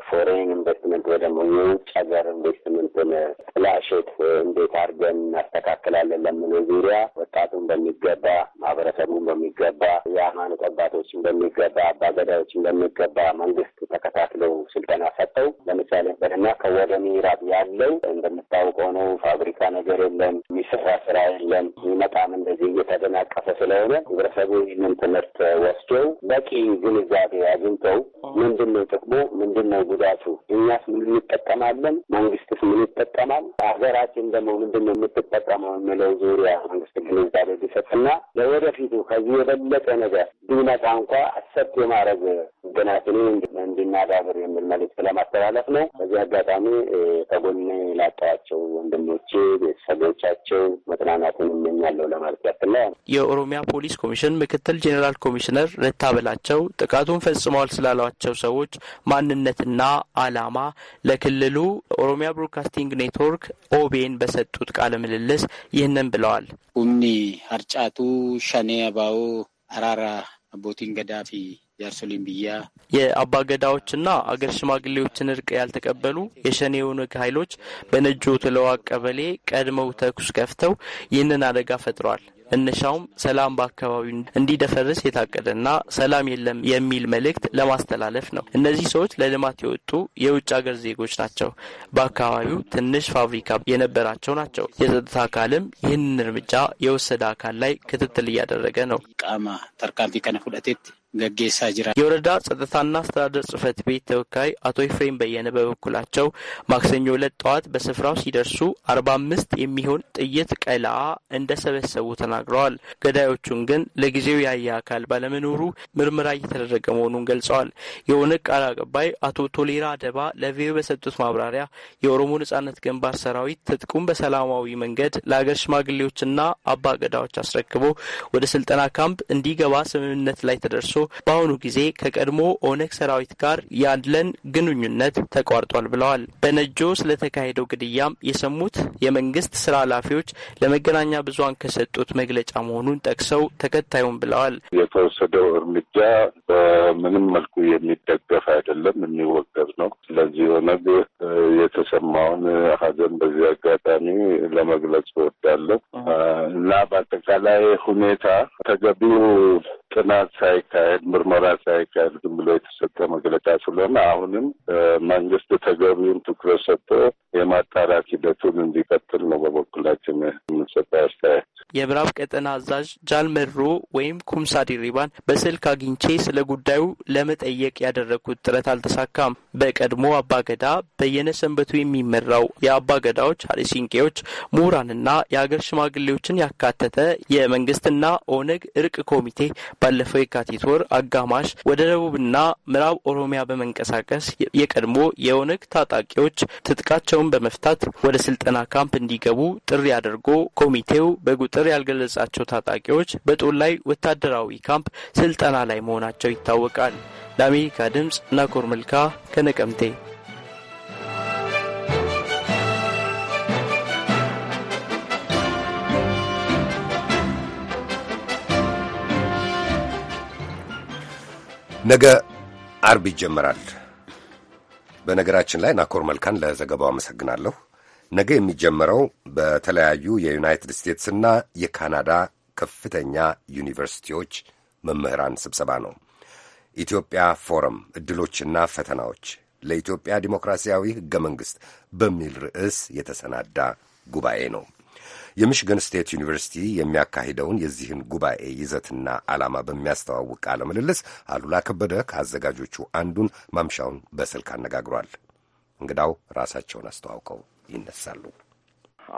ፎሬን ኢንቨስትመንት ወይ ደግሞ የውጭ ሀገር ኢንቨስትመንትን ጥላሸት እንዴት አድርገን እናስተካክላለን ለምለው ዙሪያ ወጣቱን በሚገባ ማህበረሰቡን በሚገባ የሃይማኖት አባቶችን በሚገባ አባገዳዮችን በሚገባ መንግስት ተከታትለው ስልጠና ሰጠው። ለምሳሌ በደና ከወደ ምዕራብ ያለው እንደምታውቀው ነው። ፋብሪካ ነገር የለም፣ የሚሰራ ስራ የለም። ይመጣም እንደዚህ እየተደናቀፈ ስለሆነ ህብረተሰቡ ይህንን ትምህርት ወስዶ በቂ ግንዛቤ አግኝተው ምንድን ነው ጥቅሙ ምንድን ነው? ጉዳቱ እኛስ ምን እንጠቀማለን? መንግስትስ ምን ይጠቀማል? ሀገራችን ደግሞ ምንድን ነው የምትጠቀመው የሚለው ዙሪያ መንግስት ግንዛቤ ቢሰጥና ለወደፊቱ ከዚህ የበለጠ ነገር ቢመጣ እንኳ አሰብ የማድረግ ግናትን እንድናዳብር የሚል መልዕክት ለማስተላለፍ ነው። በዚህ አጋጣሚ ከጎኔ ላጣዋቸው ወንድሞቼ፣ ቤተሰቦቻቸው መጽናናትን እመኛለሁ ለማለት ያክል የኦሮሚያ ፖሊስ ኮሚሽን ምክትል ጄኔራል ኮሚሽነር ረታ በላቸው ጥቃቱን ፈጽመዋል ስላሏቸው ሰዎች ማንነትና አላማ ለክልሉ ኦሮሚያ ብሮድካስቲንግ ኔትወርክ ኦቤን በሰጡት ቃለ ምልልስ ይህንን ብለዋል። ኡምኒ አርጫቱ ሸኔ አባኦ አራራ አቦቲን ገዳፊ ያርሶሊም ብያ የአባ ገዳዎችና አገር ሽማግሌዎችን እርቅ ያልተቀበሉ የሸኔ የኦነግ ኃይሎች በነጆ ትለዋ ቀበሌ ቀድመው ተኩስ ከፍተው ይህንን አደጋ ፈጥሯል። እነሻውም ሰላም በአካባቢው እንዲደፈርስ የታቀደና ሰላም የለም የሚል መልእክት ለማስተላለፍ ነው። እነዚህ ሰዎች ለልማት የወጡ የውጭ ሀገር ዜጎች ናቸው። በአካባቢው ትንሽ ፋብሪካ የነበራቸው ናቸው። የጸጥታ አካልም ይህንን እርምጃ የወሰደ አካል ላይ ክትትል እያደረገ ነው። ቃማ ተርካንፊ ከነ ገጌሳ ጅራ የወረዳ ጸጥታና አስተዳደር ጽህፈት ቤት ተወካይ አቶ ኤፍሬም በየነ በበኩላቸው ማክሰኞ ዕለት ጠዋት በስፍራው ሲደርሱ አርባ አምስት የሚሆን ጥይት ቀላ እንደሰበሰቡ ተናግረዋል። ገዳዮቹን ግን ለጊዜው ያየ አካል ባለመኖሩ ምርመራ እየተደረገ መሆኑን ገልጸዋል። የኦነግ ቃል አቀባይ አቶ ቶሌራ አደባ ለቪኦኤ በሰጡት ማብራሪያ የኦሮሞ ነጻነት ግንባር ሰራዊት ትጥቁም በሰላማዊ መንገድ ለአገር ሽማግሌዎችና አባ ገዳዎች አስረክቦ ወደ ስልጠና ካምፕ እንዲገባ ስምምነት ላይ ተደርሶ በአሁኑ ጊዜ ከቀድሞ ኦነግ ሰራዊት ጋር ያለን ግንኙነት ተቋርጧል ብለዋል። በነጆ ስለተካሄደው ግድያም የሰሙት የመንግስት ስራ ኃላፊዎች ለመገናኛ ብዙሃን ከሰጡት መግለጫ መሆኑን ጠቅሰው ተከታዩም ብለዋል። የተወሰደው እርምጃ በምንም መልኩ የሚደገፍ አይደለም፣ የሚወገዝ ነው። ስለዚህ ኦነግ የተሰማውን ሀዘን በዚህ አጋጣሚ ለመግለጽ እወዳለሁ እና በአጠቃላይ ሁኔታ ተገቢው ጥናት ሳይካሄድ ምርመራ ሳይካሄድ ዝም ብሎ የተሰጠ መግለጫ ስለሆነ አሁንም መንግስት ተገቢውን ትኩረት ሰጥቶ የማጣራት ሂደቱን እንዲቀጥል ነው በበኩላችን የምንሰጠው አስተያየት። የምዕራብ ቀጠና አዛዥ ጃልመሩ ወይም ኩምሳ ዲሪባን በስልክ አግኝቼ ስለ ጉዳዩ ለመጠየቅ ያደረግኩት ጥረት አልተሳካም። በቀድሞ አባገዳ በየነ ሰንበቱ የሚመራው የአባገዳዎች ሀሪሲንቄዎች፣ ምሁራንና የሀገር ሽማግሌዎችን ያካተተ የመንግስትና ኦነግ እርቅ ኮሚቴ ባለፈው የካቲት ወር ወር አጋማሽ ወደ ደቡብና ምዕራብ ኦሮሚያ በመንቀሳቀስ የቀድሞ የኦነግ ታጣቂዎች ትጥቃቸውን በመፍታት ወደ ስልጠና ካምፕ እንዲገቡ ጥሪ አድርጎ ኮሚቴው በቁጥር ያልገለጻቸው ታጣቂዎች በጦር ላይ ወታደራዊ ካምፕ ስልጠና ላይ መሆናቸው ይታወቃል። ለአሜሪካ ድምፅ ናኮር መልካ ከነቀምቴ ነገ አርብ ይጀመራል። በነገራችን ላይ ናኮር መልካን ለዘገባው አመሰግናለሁ። ነገ የሚጀመረው በተለያዩ የዩናይትድ ስቴትስና የካናዳ ከፍተኛ ዩኒቨርሲቲዎች መምህራን ስብሰባ ነው። ኢትዮጵያ ፎረም ዕድሎችና ፈተናዎች ለኢትዮጵያ ዲሞክራሲያዊ ሕገ መንግሥት በሚል ርዕስ የተሰናዳ ጉባኤ ነው። የሚሽገን ስቴት ዩኒቨርሲቲ የሚያካሂደውን የዚህን ጉባኤ ይዘትና ዓላማ በሚያስተዋውቅ ቃለ ምልልስ አሉላ ከበደ ከአዘጋጆቹ አንዱን ማምሻውን በስልክ አነጋግሯል። እንግዳው ራሳቸውን አስተዋውቀው ይነሳሉ።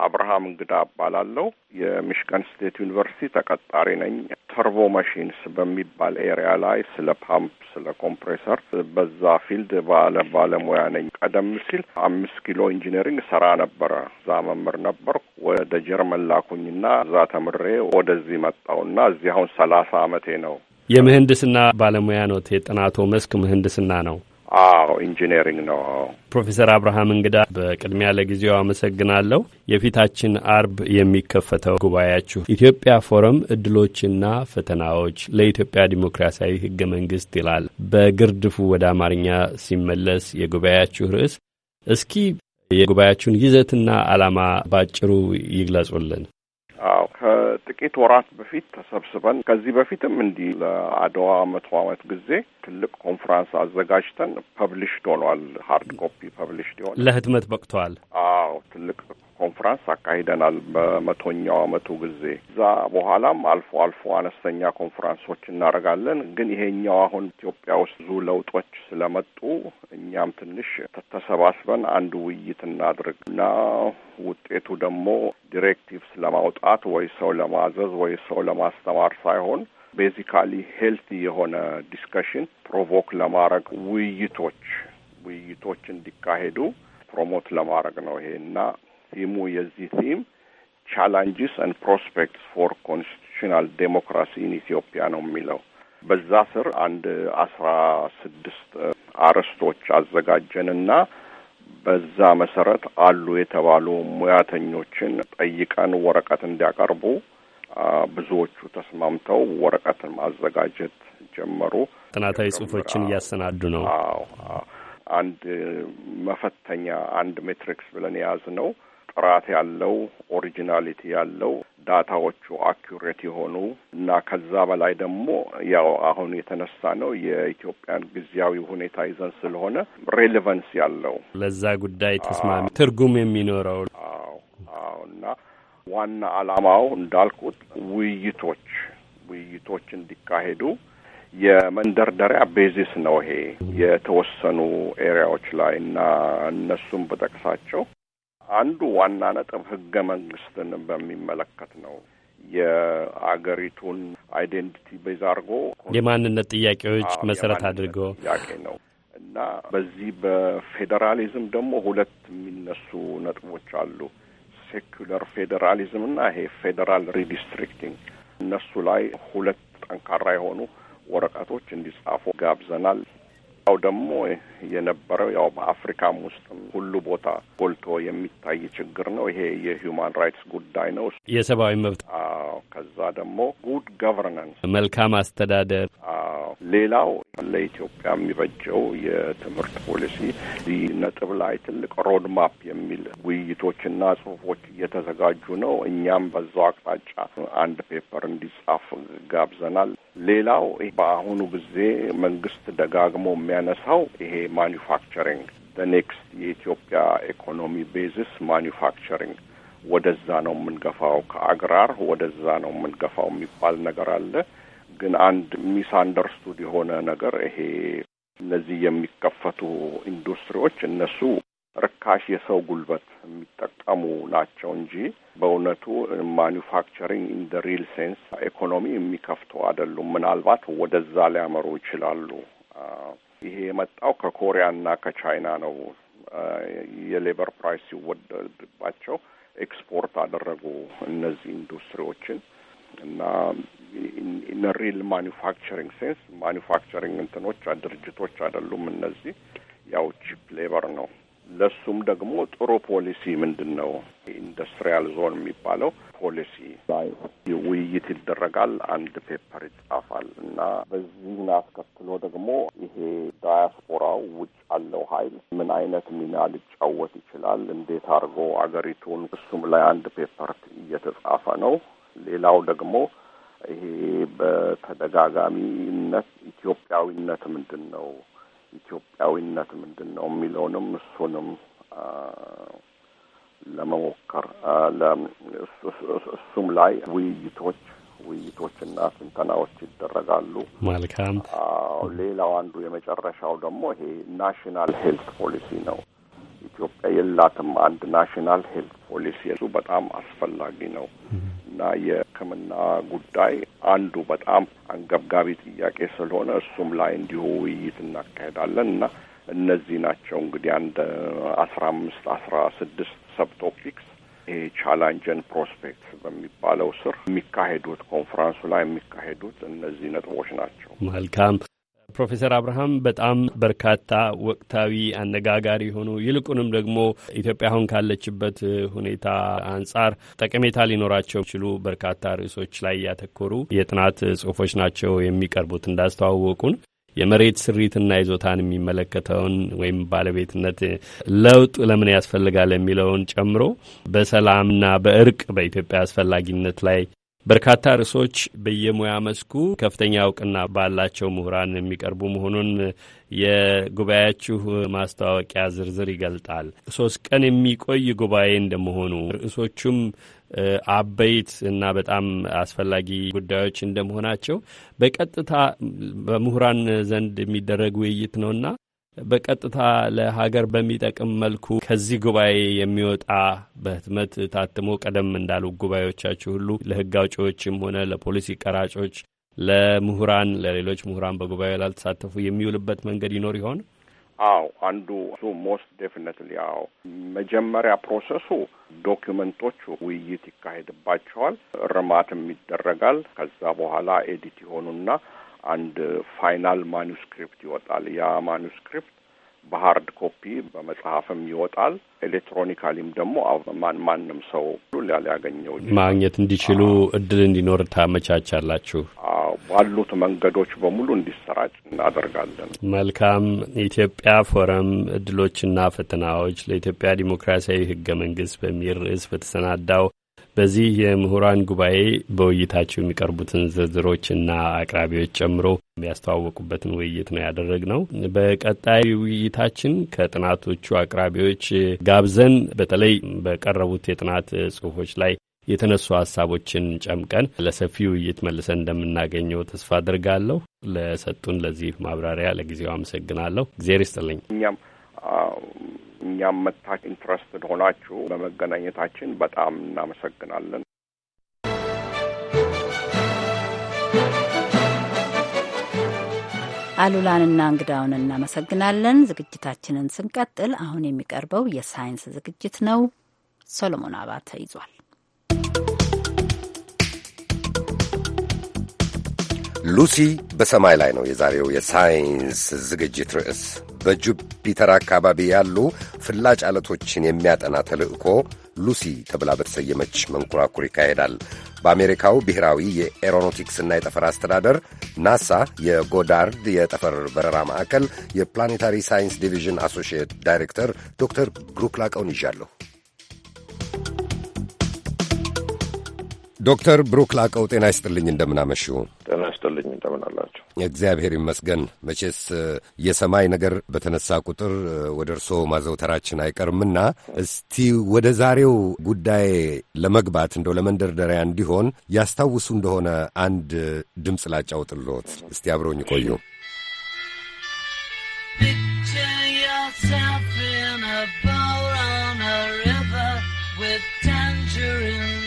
አብርሃም እንግዳ እባላለሁ። የሚሽገን ስቴት ዩኒቨርሲቲ ተቀጣሪ ነኝ። ተርቦ መሺንስ በሚባል ኤሪያ ላይ ስለ ፓምፕ፣ ስለ ኮምፕሬሰር በዛ ፊልድ ባለ ባለሙያ ነኝ። ቀደም ሲል አምስት ኪሎ ኢንጂነሪንግ ሰራ ነበረ። እዛ መምህር ነበር። ወደ ጀርመን ላኩኝና እዛ ተምሬ ወደዚህ መጣሁና እዚህ አሁን ሰላሳ አመቴ ነው። የምህንድስና ባለሙያ ነው። የጥናቶ መስክ ምህንድስና ነው። አዎ ኢንጂነሪንግ ነው። ፕሮፌሰር አብርሃም እንግዳ በቅድሚያ ለጊዜው አመሰግናለሁ። የፊታችን አርብ የሚከፈተው ጉባኤያችሁ ኢትዮጵያ ፎረም እድሎችና ፈተናዎች ለኢትዮጵያ ዲሞክራሲያዊ ህገ መንግስት ይላል በግርድፉ ወደ አማርኛ ሲመለስ የጉባኤያችሁ ርዕስ። እስኪ የጉባኤያችሁን ይዘትና ዓላማ ባጭሩ ይግለጹልን። አዎ ከጥቂት ወራት በፊት ተሰብስበን ከዚህ በፊትም እንዲህ ለአድዋ መቶ ዓመት ጊዜ ትልቅ ኮንፍራንስ አዘጋጅተን ፐብሊሽድ ሆኗል። ሀርድ ኮፒ ፐብሊሽድ ይሆናል፣ ለህትመት በቅቷል። አዎ ትልቅ ኮንፍራንስ አካሂደናል በመቶኛው አመቱ ጊዜ። እዛ በኋላም አልፎ አልፎ አነስተኛ ኮንፍራንሶች እናደርጋለን። ግን ይሄኛው አሁን ኢትዮጵያ ውስጥ ብዙ ለውጦች ስለመጡ እኛም ትንሽ ተሰባስበን አንድ ውይይት እናድርግ እና ውጤቱ ደግሞ ዲሬክቲቭስ ለማውጣት ወይ ሰው ለማዘዝ ወይ ሰው ለማስተማር ሳይሆን ቤዚካሊ ሄልቲ የሆነ ዲስከሽን ፕሮቮክ ለማድረግ ውይይቶች ውይይቶች እንዲካሄዱ ፕሮሞት ለማድረግ ነው ይሄ እና ቲሙ የዚህ ቲም ቻላንጅስ አንድ ፕሮስፔክትስ ፎር ኮንስቲቱሽናል ዴሞክራሲ ኢን ኢትዮጵያ ነው የሚለው። በዛ ስር አንድ አስራ ስድስት አርዕስቶች አዘጋጀንና በዛ መሰረት አሉ የተባሉ ሙያተኞችን ጠይቀን ወረቀት እንዲያቀርቡ ብዙዎቹ ተስማምተው ወረቀትን ማዘጋጀት ጀመሩ። ጥናታዊ ጽሁፎችን እያሰናዱ ነው። አዎ አንድ መፈተኛ አንድ ሜትሪክስ ብለን የያዝ ነው ጥራት ያለው ኦሪጂናሊቲ ያለው ዳታዎቹ አኪሬት የሆኑ እና ከዛ በላይ ደግሞ ያው አሁን የተነሳ ነው የኢትዮጵያን ጊዜያዊ ሁኔታ ይዘን ስለሆነ ሬሌቨንስ ያለው ለዛ ጉዳይ ተስማሚ ትርጉም የሚኖረው አዎ አዎ እና ዋና አላማው እንዳልኩት ውይይቶች ውይይቶች እንዲካሄዱ የመንደርደሪያ ቤዚስ ነው ይሄ የተወሰኑ ኤሪያዎች ላይ እና እነሱም በጠቅሳቸው አንዱ ዋና ነጥብ ህገ መንግስትን በሚመለከት ነው። የአገሪቱን አይዴንቲቲ ቤዝ አድርጎ የማንነት ጥያቄዎች መሰረት አድርጎ ጥያቄ ነው እና በዚህ በፌዴራሊዝም ደግሞ ሁለት የሚነሱ ነጥቦች አሉ። ሴኩለር ፌዴራሊዝም እና ይሄ ፌዴራል ሪዲስትሪክቲንግ እነሱ ላይ ሁለት ጠንካራ የሆኑ ወረቀቶች እንዲጻፉ ጋብዘናል። ያው ደግሞ የነበረው ያው በአፍሪካም ውስጥም ሁሉ ቦታ ጎልቶ የሚታይ ችግር ነው። ይሄ የሂውማን ራይትስ ጉዳይ ነው፣ የሰብአዊ መብት። አዎ። ከዛ ደግሞ ጉድ ገቨርናንስ፣ መልካም አስተዳደር። አዎ። ሌላው ለኢትዮጵያ የሚበጀው የትምህርት ፖሊሲ እዚህ ነጥብ ላይ ትልቅ ሮድማፕ የሚል ውይይቶችና ጽሁፎች እየተዘጋጁ ነው። እኛም በዛው አቅጣጫ አንድ ፔፐር እንዲጻፍ ጋብዘናል። ሌላው በአሁኑ ጊዜ መንግስት ደጋግሞ የሚያነሳው ይሄ ማኒፋክቸሪንግ ኔክስት የኢትዮጵያ ኢኮኖሚ ቤዝስ ማኒፋክቸሪንግ ወደዛ ነው የምንገፋው፣ ከአግራር ወደዛ ነው የምንገፋው የሚባል ነገር አለ። ግን አንድ ሚስ አንደርስቱድ የሆነ ነገር ይሄ እነዚህ የሚከፈቱ ኢንዱስትሪዎች እነሱ ርካሽ የሰው ጉልበት የሚጠቀሙ ናቸው እንጂ በእውነቱ ማኒፋክቸሪንግ ኢን ደ ሪል ሴንስ ኢኮኖሚ የሚከፍቱ አይደሉም። ምናልባት ወደዛ ሊያመሩ ይችላሉ። ይሄ የመጣው ከኮሪያና ከቻይና ነው። የሌበር ፕራይስ ሲወደድባቸው ኤክስፖርት አደረጉ እነዚህ ኢንዱስትሪዎችን እና ኢን ሪል ማኒፋክቸሪንግ ሴንስ ማኒፋክቸሪንግ እንትኖች ድርጅቶች አይደሉም እነዚህ ያው ቺፕ ሌበር ነው። ለሱም ደግሞ ጥሩ ፖሊሲ ምንድን ነው ኢንዱስትሪያል ዞን የሚባለው ፖሊሲ ላይ ውይይት ይደረጋል። አንድ ፔፐር ይጻፋል እና በዚህን አስከትሎ ደግሞ ይሄ ዳያስፖራው ውጭ ያለው ኃይል ምን አይነት ሚና ሊጫወት ይችላል፣ እንዴት አድርጎ አገሪቱን እሱም ላይ አንድ ፔፐር እየተጻፈ ነው። ሌላው ደግሞ ይሄ በተደጋጋሚነት ኢትዮጵያዊነት ምንድን ነው ኢትዮጵያዊነት ምንድን ነው የሚለውንም እሱንም ለመሞከር እሱም ላይ ውይይቶች ውይይቶችና ትንተናዎች ይደረጋሉ። መልካም። ሌላው አንዱ የመጨረሻው ደግሞ ይሄ ናሽናል ሄልት ፖሊሲ ነው። ኢትዮጵያ የላትም አንድ ናሽናል ሄልት ፖሊሲ። እሱ በጣም አስፈላጊ ነው እና ሕክምና ጉዳይ አንዱ በጣም አንገብጋቢ ጥያቄ ስለሆነ እሱም ላይ እንዲሁ ውይይት እናካሄዳለን እና እነዚህ ናቸው እንግዲህ አንድ አስራ አምስት አስራ ስድስት ሰብ ይሄ ቻላንጅን ፕሮስፔክት በሚባለው ስር የሚካሄዱት ኮንፈረንሱ ላይ የሚካሄዱት እነዚህ ነጥቦች ናቸው። መልካም ፕሮፌሰር አብርሃም በጣም በርካታ ወቅታዊ አነጋጋሪ የሆኑ ይልቁንም ደግሞ ኢትዮጵያ አሁን ካለችበት ሁኔታ አንጻር ጠቀሜታ ሊኖራቸው የሚችሉ በርካታ ርዕሶች ላይ ያተኮሩ የጥናት ጽሁፎች ናቸው የሚቀርቡት። እንዳስተዋወቁን የመሬት ስሪትና ይዞታን የሚመለከተውን ወይም ባለቤትነት ለውጥ ለምን ያስፈልጋል የሚለውን ጨምሮ በሰላምና በእርቅ በኢትዮጵያ አስፈላጊነት ላይ በርካታ ርዕሶች በየሙያ መስኩ ከፍተኛ እውቅና ባላቸው ምሁራን የሚቀርቡ መሆኑን የጉባኤያችሁ ማስታወቂያ ዝርዝር ይገልጣል። ሶስት ቀን የሚቆይ ጉባኤ እንደመሆኑ ርዕሶቹም አበይት እና በጣም አስፈላጊ ጉዳዮች እንደመሆናቸው በቀጥታ በምሁራን ዘንድ የሚደረግ ውይይት ነውና በቀጥታ ለሀገር በሚጠቅም መልኩ ከዚህ ጉባኤ የሚወጣ በህትመት ታትሞ ቀደም እንዳሉ ጉባኤዎቻችሁ ሁሉ ለህግ አውጪዎችም ሆነ ለፖሊሲ ቀራጮች፣ ለምሁራን፣ ለሌሎች ምሁራን በጉባኤ ላልተሳተፉ የሚውልበት መንገድ ይኖር ይሆን? አዎ፣ አንዱ እሱ ሞስት ዴፊኒትሊ አዎ። መጀመሪያ ፕሮሰሱ ዶኪመንቶቹ ውይይት ይካሄድባቸዋል፣ እርማትም ይደረጋል። ከዛ በኋላ ኤዲት የሆኑና አንድ ፋይናል ማኑስክሪፕት ይወጣል። ያ ማኑስክሪፕት በሀርድ ኮፒ በመጽሐፍም ይወጣል። ኤሌክትሮኒካሊም ደግሞ ማን ማንም ሰው ሊያ ሊያገኘው ማግኘት እንዲችሉ እድል እንዲኖር ታመቻቻላችሁ። ባሉት መንገዶች በሙሉ እንዲሰራጭ እናደርጋለን። መልካም። የኢትዮጵያ ፎረም እድሎችና ፈተናዎች ለኢትዮጵያ ዲሞክራሲያዊ ህገ መንግስት በሚል ርዕስ በተሰናዳው በዚህ የምሁራን ጉባኤ በውይይታቸው የሚቀርቡትን ዝርዝሮችና አቅራቢዎች ጨምሮ የሚያስተዋወቁበትን ውይይት ነው ያደረግ ነው። በቀጣይ ውይይታችን ከጥናቶቹ አቅራቢዎች ጋብዘን በተለይ በቀረቡት የጥናት ጽሁፎች ላይ የተነሱ ሀሳቦችን ጨምቀን ለሰፊ ውይይት መልሰን እንደምናገኘው ተስፋ አድርጋለሁ። ለሰጡን ለዚህ ማብራሪያ ለጊዜው አመሰግናለሁ። እግዜር ይስጥልኝ። እኛም እኛም መታች ኢንትረስትድ ሆናችሁ በመገናኘታችን በጣም እናመሰግናለን። አሉላንና እንግዳውን እናመሰግናለን። ዝግጅታችንን ስንቀጥል አሁን የሚቀርበው የሳይንስ ዝግጅት ነው። ሰሎሞን አባተ ይዟል። ሉሲ በሰማይ ላይ ነው የዛሬው የሳይንስ ዝግጅት ርዕስ። በጁፒተር አካባቢ ያሉ ፍላጭ አለቶችን የሚያጠና ተልዕኮ ሉሲ ተብላ በተሰየመች መንኮራኩር ይካሄዳል። በአሜሪካው ብሔራዊ የኤሮኖቲክስና የጠፈር አስተዳደር ናሳ የጎዳርድ የጠፈር በረራ ማዕከል የፕላኔታሪ ሳይንስ ዲቪዥን አሶሺየት ዳይሬክተር ዶክተር ብሩክ ላቀውን ይዣለሁ። ዶክተር ብሩክ ላቀው ጤና ይስጥልኝ፣ እንደምናመሹ። ጤና ይስጥልኝ፣ እንደምናላቸው። እግዚአብሔር ይመስገን። መቼስ የሰማይ ነገር በተነሳ ቁጥር ወደ እርስዎ ማዘውተራችን አይቀርምና እስቲ ወደ ዛሬው ጉዳይ ለመግባት እንደው ለመንደርደሪያ እንዲሆን ያስታውሱ እንደሆነ አንድ ድምፅ ላጫውጥልዎት። እስቲ አብረውኝ ቆዩ። With tangerines.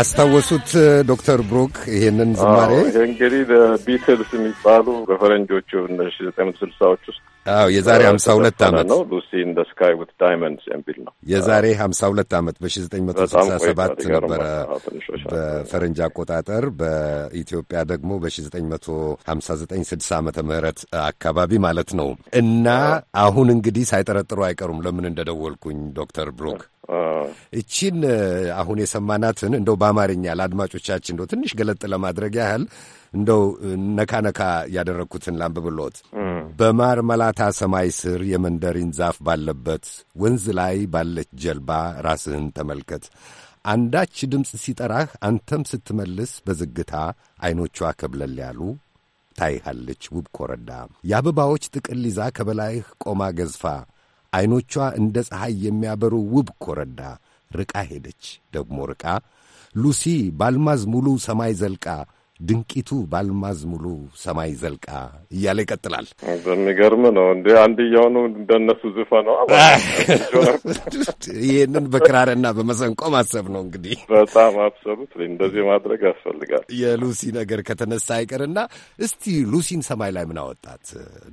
አስታወሱት ዶክተር ብሩክ ይሄንን ዝማሬ እንግዲህ ቢትልስ የሚባሉ በፈረንጆቹ ዘጠኝ ስልሳዎች ውስጥ አዎ የዛሬ ሀምሳ ሁለት ዓመት ነው። ሉሲ ዘ ስካይ ዊዝ ዳይመንድስ የሚል ነው። የዛሬ ሀምሳ ሁለት ዓመት በሺ ዘጠኝ መቶ ስልሳ ሰባት ነበረ በፈረንጅ አቆጣጠር፣ በኢትዮጵያ ደግሞ በሺ ዘጠኝ መቶ ሀምሳ ዘጠኝ ስድሳ ዓመተ ምህረት አካባቢ ማለት ነው። እና አሁን እንግዲህ ሳይጠረጥሩ አይቀሩም ለምን እንደደወልኩኝ ዶክተር ብሩክ እቺን አሁን የሰማናትን እንደው በአማርኛ ለአድማጮቻችን እንደው ትንሽ ገለጥ ለማድረግ ያህል እንደው ነካ ነካ ያደረግኩትን ላንብብሎት። መላታ ሰማይ ስር የመንደሪን ዛፍ ባለበት ወንዝ ላይ ባለች ጀልባ ራስህን ተመልከት። አንዳች ድምፅ ሲጠራህ አንተም ስትመልስ በዝግታ ዐይኖቿ ከብለል ያሉ ታይሃለች። ውብ ኮረዳ የአበባዎች ጥቅል ይዛ ከበላይህ ቆማ ገዝፋ ዐይኖቿ እንደ ፀሐይ የሚያበሩ ውብ ኮረዳ ርቃ ሄደች ደግሞ ርቃ ሉሲ ባልማዝ ሙሉ ሰማይ ዘልቃ ድንቂቱ ባልማዝ ሙሉ ሰማይ ዘልቃ እያለ ይቀጥላል። በሚገርም ነው እንደ አንድያውኑ እንደነሱ ዘፈነዋ (laughs) ይህንን በክራርና በመሰንቆ ማሰብ ነው እንግዲህ በጣም አብሰሉት እንደዚህ ማድረግ ያስፈልጋል። የሉሲ ነገር ከተነሳ አይቀርና እስቲ ሉሲን ሰማይ ላይ ምን አወጣት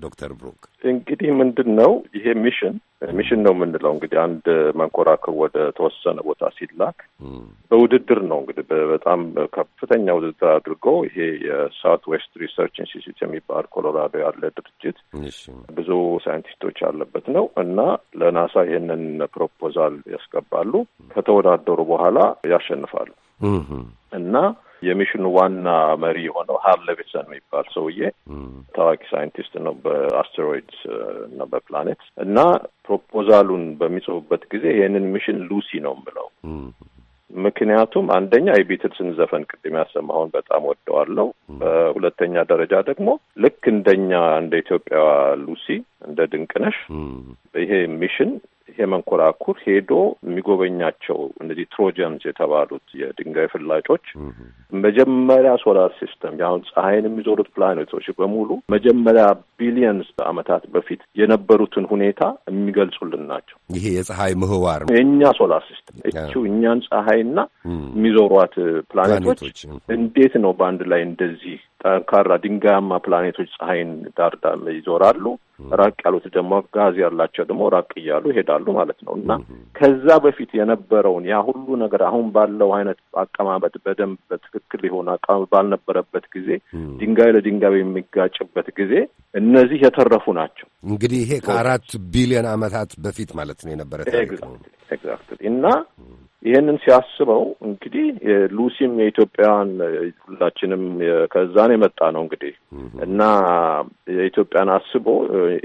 ዶክተር ብሩክ? እንግዲህ ምንድን ነው ይሄ ሚሽን ሚሽን ነው የምንለው እንግዲህ አንድ መንኮራኩር ወደ ተወሰነ ቦታ ሲላክ በውድድር ነው እንግዲህ በጣም ከፍተኛ ውድድር አድርጎ ይሄ የሳውት ዌስት ሪሰርች ኢንስቲትዩት የሚባል ኮሎራዶ ያለ ድርጅት ብዙ ሳይንቲስቶች ያለበት ነው እና ለናሳ ይህንን ፕሮፖዛል ያስገባሉ። ከተወዳደሩ በኋላ ያሸንፋሉ እና የሚሽኑ ዋና መሪ የሆነው ሀር ሌቪሰን የሚባል ሰውዬ ታዋቂ ሳይንቲስት ነው በአስቴሮይድስ እና በፕላኔት እና ፕሮፖዛሉን በሚጽፉበት ጊዜ ይህንን ሚሽን ሉሲ ነው የምለው። ምክንያቱም አንደኛ የቢትልስን ዘፈን ቅድም ያሰማሁን በጣም ወደዋለው። በሁለተኛ ደረጃ ደግሞ ልክ እንደኛ እንደ ኢትዮጵያ ሉሲ እንደ ድንቅነሽ ይሄ ሚሽን ይሄ መንኮራኩር ሄዶ የሚጎበኛቸው እነዚህ ትሮጀንስ የተባሉት የድንጋይ ፍላጮች መጀመሪያ ሶላር ሲስተም ያሁን ፀሐይን የሚዞሩት ፕላኔቶች በሙሉ መጀመሪያ ቢሊየንስ ዓመታት በፊት የነበሩትን ሁኔታ የሚገልጹልን ናቸው። ይሄ የፀሐይ ምህዋር ነው። የእኛ ሶላር ሲስተም እቺው እኛን ፀሐይና የሚዞሯት ፕላኔቶች እንዴት ነው በአንድ ላይ እንደዚህ ጠንካራ ድንጋያማ ፕላኔቶች ፀሐይን ዳር ዳር ይዞራሉ። ራቅ ያሉት ደግሞ ጋዝ ያላቸው ደግሞ ራቅ እያሉ ይሄዳሉ ማለት ነው እና ከዛ በፊት የነበረውን ያ ሁሉ ነገር አሁን ባለው አይነት አቀማመጥ በደንብ በትክክል የሆነ አቀማመጥ ባልነበረበት ጊዜ ድንጋይ ለድንጋይ የሚጋጭበት ጊዜ እነዚህ የተረፉ ናቸው። እንግዲህ ይሄ ከአራት ቢሊዮን ዓመታት በፊት ማለት ነው የነበረ ታሪክ እና ይህንን ሲያስበው እንግዲህ ሉሲም የኢትዮጵያን ሁላችንም ከዛን የመጣ ነው እንግዲህ እና የኢትዮጵያን አስቦ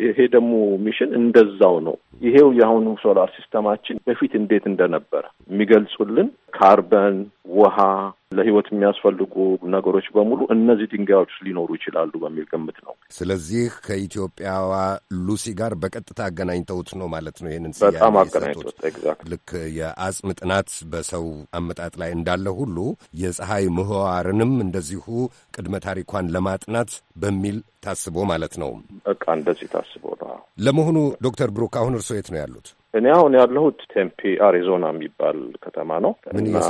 ይሄ ደግሞ ሚሽን እንደዛው ነው። ይሄው የአሁኑ ሶላር ሲስተማችን በፊት እንዴት እንደነበረ የሚገልጹልን ካርበን፣ ውሃ ለህይወት የሚያስፈልጉ ነገሮች በሙሉ እነዚህ ድንጋዮች ሊኖሩ ይችላሉ በሚል ግምት ነው። ስለዚህ ከኢትዮጵያዋ ሉሲ ጋር በቀጥታ አገናኝተውት ነው ማለት ነው። ይህንን በጣም አገናኝተውት ልክ የአጽም ጥናት በሰው አመጣጥ ላይ እንዳለ ሁሉ የፀሐይ ምህዋርንም እንደዚሁ ቅድመ ታሪኳን ለማጥናት በሚል ታስቦ ማለት ነው። በቃ እንደዚህ ታስቦ ነው። ለመሆኑ ዶክተር ብሩክ አሁን እርስዎ የት ነው ያሉት? እኔ አሁን ያለሁት ቴምፒ አሪዞና የሚባል ከተማ ነው እና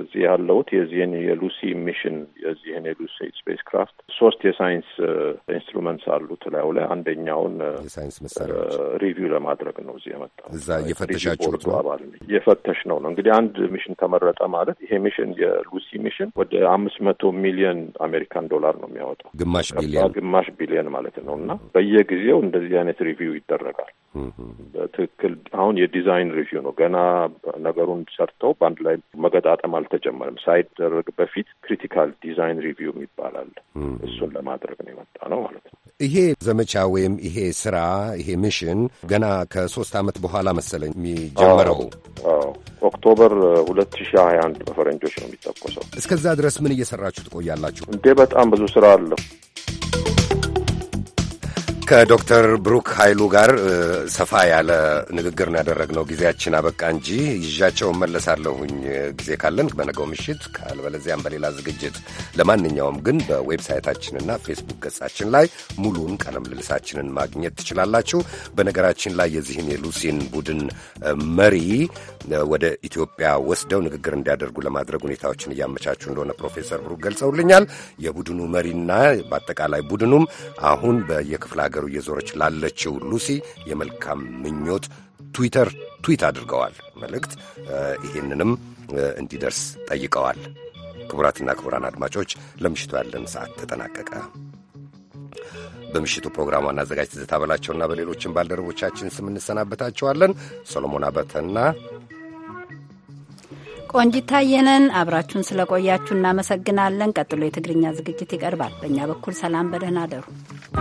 እዚህ ያለሁት የዚህን የሉሲ ሚሽን የዚህን የሉሲ ስፔስ ክራፍት ሶስት የሳይንስ ኢንስትሩመንትስ አሉት ላዩ ላይ አንደኛውን የሳይንስ መሳሪያዎች ሪቪው ለማድረግ ነው እዚህ የመጣው። እዛ እየፈተሻችሁት ነው? አባል እየፈተሽ ነው ነው እንግዲህ አንድ ሚሽን ተመረጠ ማለት ይሄ ሚሽን የሉሲ ሚሽን ወደ አምስት መቶ ሚሊዮን አሜሪካን ዶላር ነው የሚያወጣው ግማሽ ቢሊዮን ግማሽ ቢሊዮን ማለት ነው እና በየጊዜው እንደዚህ አይነት ሪቪው ይደረጋል በትክክል አሁን የዲዛይን ሪቪው ነው። ገና ነገሩን ሰርተው በአንድ ላይ መገጣጠም አልተጀመረም። ሳይደረግ በፊት ክሪቲካል ዲዛይን ሪቪው ይባላል። እሱን ለማድረግ ነው የመጣ ነው ማለት ነው። ይሄ ዘመቻ ወይም ይሄ ስራ ይሄ ሚሽን ገና ከሶስት አመት በኋላ መሰለኝ የሚጀመረው ኦክቶበር ሁለት ሺ ሀያ አንድ በፈረንጆች ነው የሚጠቆሰው። እስከዛ ድረስ ምን እየሰራችሁ ትቆያላችሁ እንዴ? በጣም ብዙ ስራ አለው። ከዶክተር ብሩክ ኃይሉ ጋር ሰፋ ያለ ንግግር ነው ያደረግነው። ጊዜያችን አበቃ እንጂ ይዣቸው መለሳለሁኝ ጊዜ ካለን በነገው ምሽት ካልበለዚያም በሌላ ዝግጅት። ለማንኛውም ግን በዌብሳይታችንና ፌስቡክ ገጻችን ላይ ሙሉን ቀለም ልልሳችንን ማግኘት ትችላላችሁ። በነገራችን ላይ የዚህን የሉሲን ቡድን መሪ ወደ ኢትዮጵያ ወስደው ንግግር እንዲያደርጉ ለማድረግ ሁኔታዎችን እያመቻቹ እንደሆነ ፕሮፌሰር ብሩክ ገልጸውልኛል። የቡድኑ መሪና በአጠቃላይ ቡድኑም አሁን በየክፍለ ሀገር በየሀገሩ እየዞረች ላለችው ሉሲ የመልካም ምኞት ትዊተር ትዊት አድርገዋል። መልእክት ይህንንም እንዲደርስ ጠይቀዋል። ክቡራትና ክቡራን አድማጮች ለምሽቱ ያለን ሰዓት ተጠናቀቀ። በምሽቱ ፕሮግራም ዋና አዘጋጅ ትዝታ በላቸውና በሌሎችን ባልደረቦቻችን ስም እንሰናበታቸዋለን። ሰሎሞን አበተና ቆንጂት ታየነን አብራችሁን ስለቆያችሁ እናመሰግናለን። ቀጥሎ የትግርኛ ዝግጅት ይቀርባል። በእኛ በኩል ሰላም፣ በደህና አደሩ።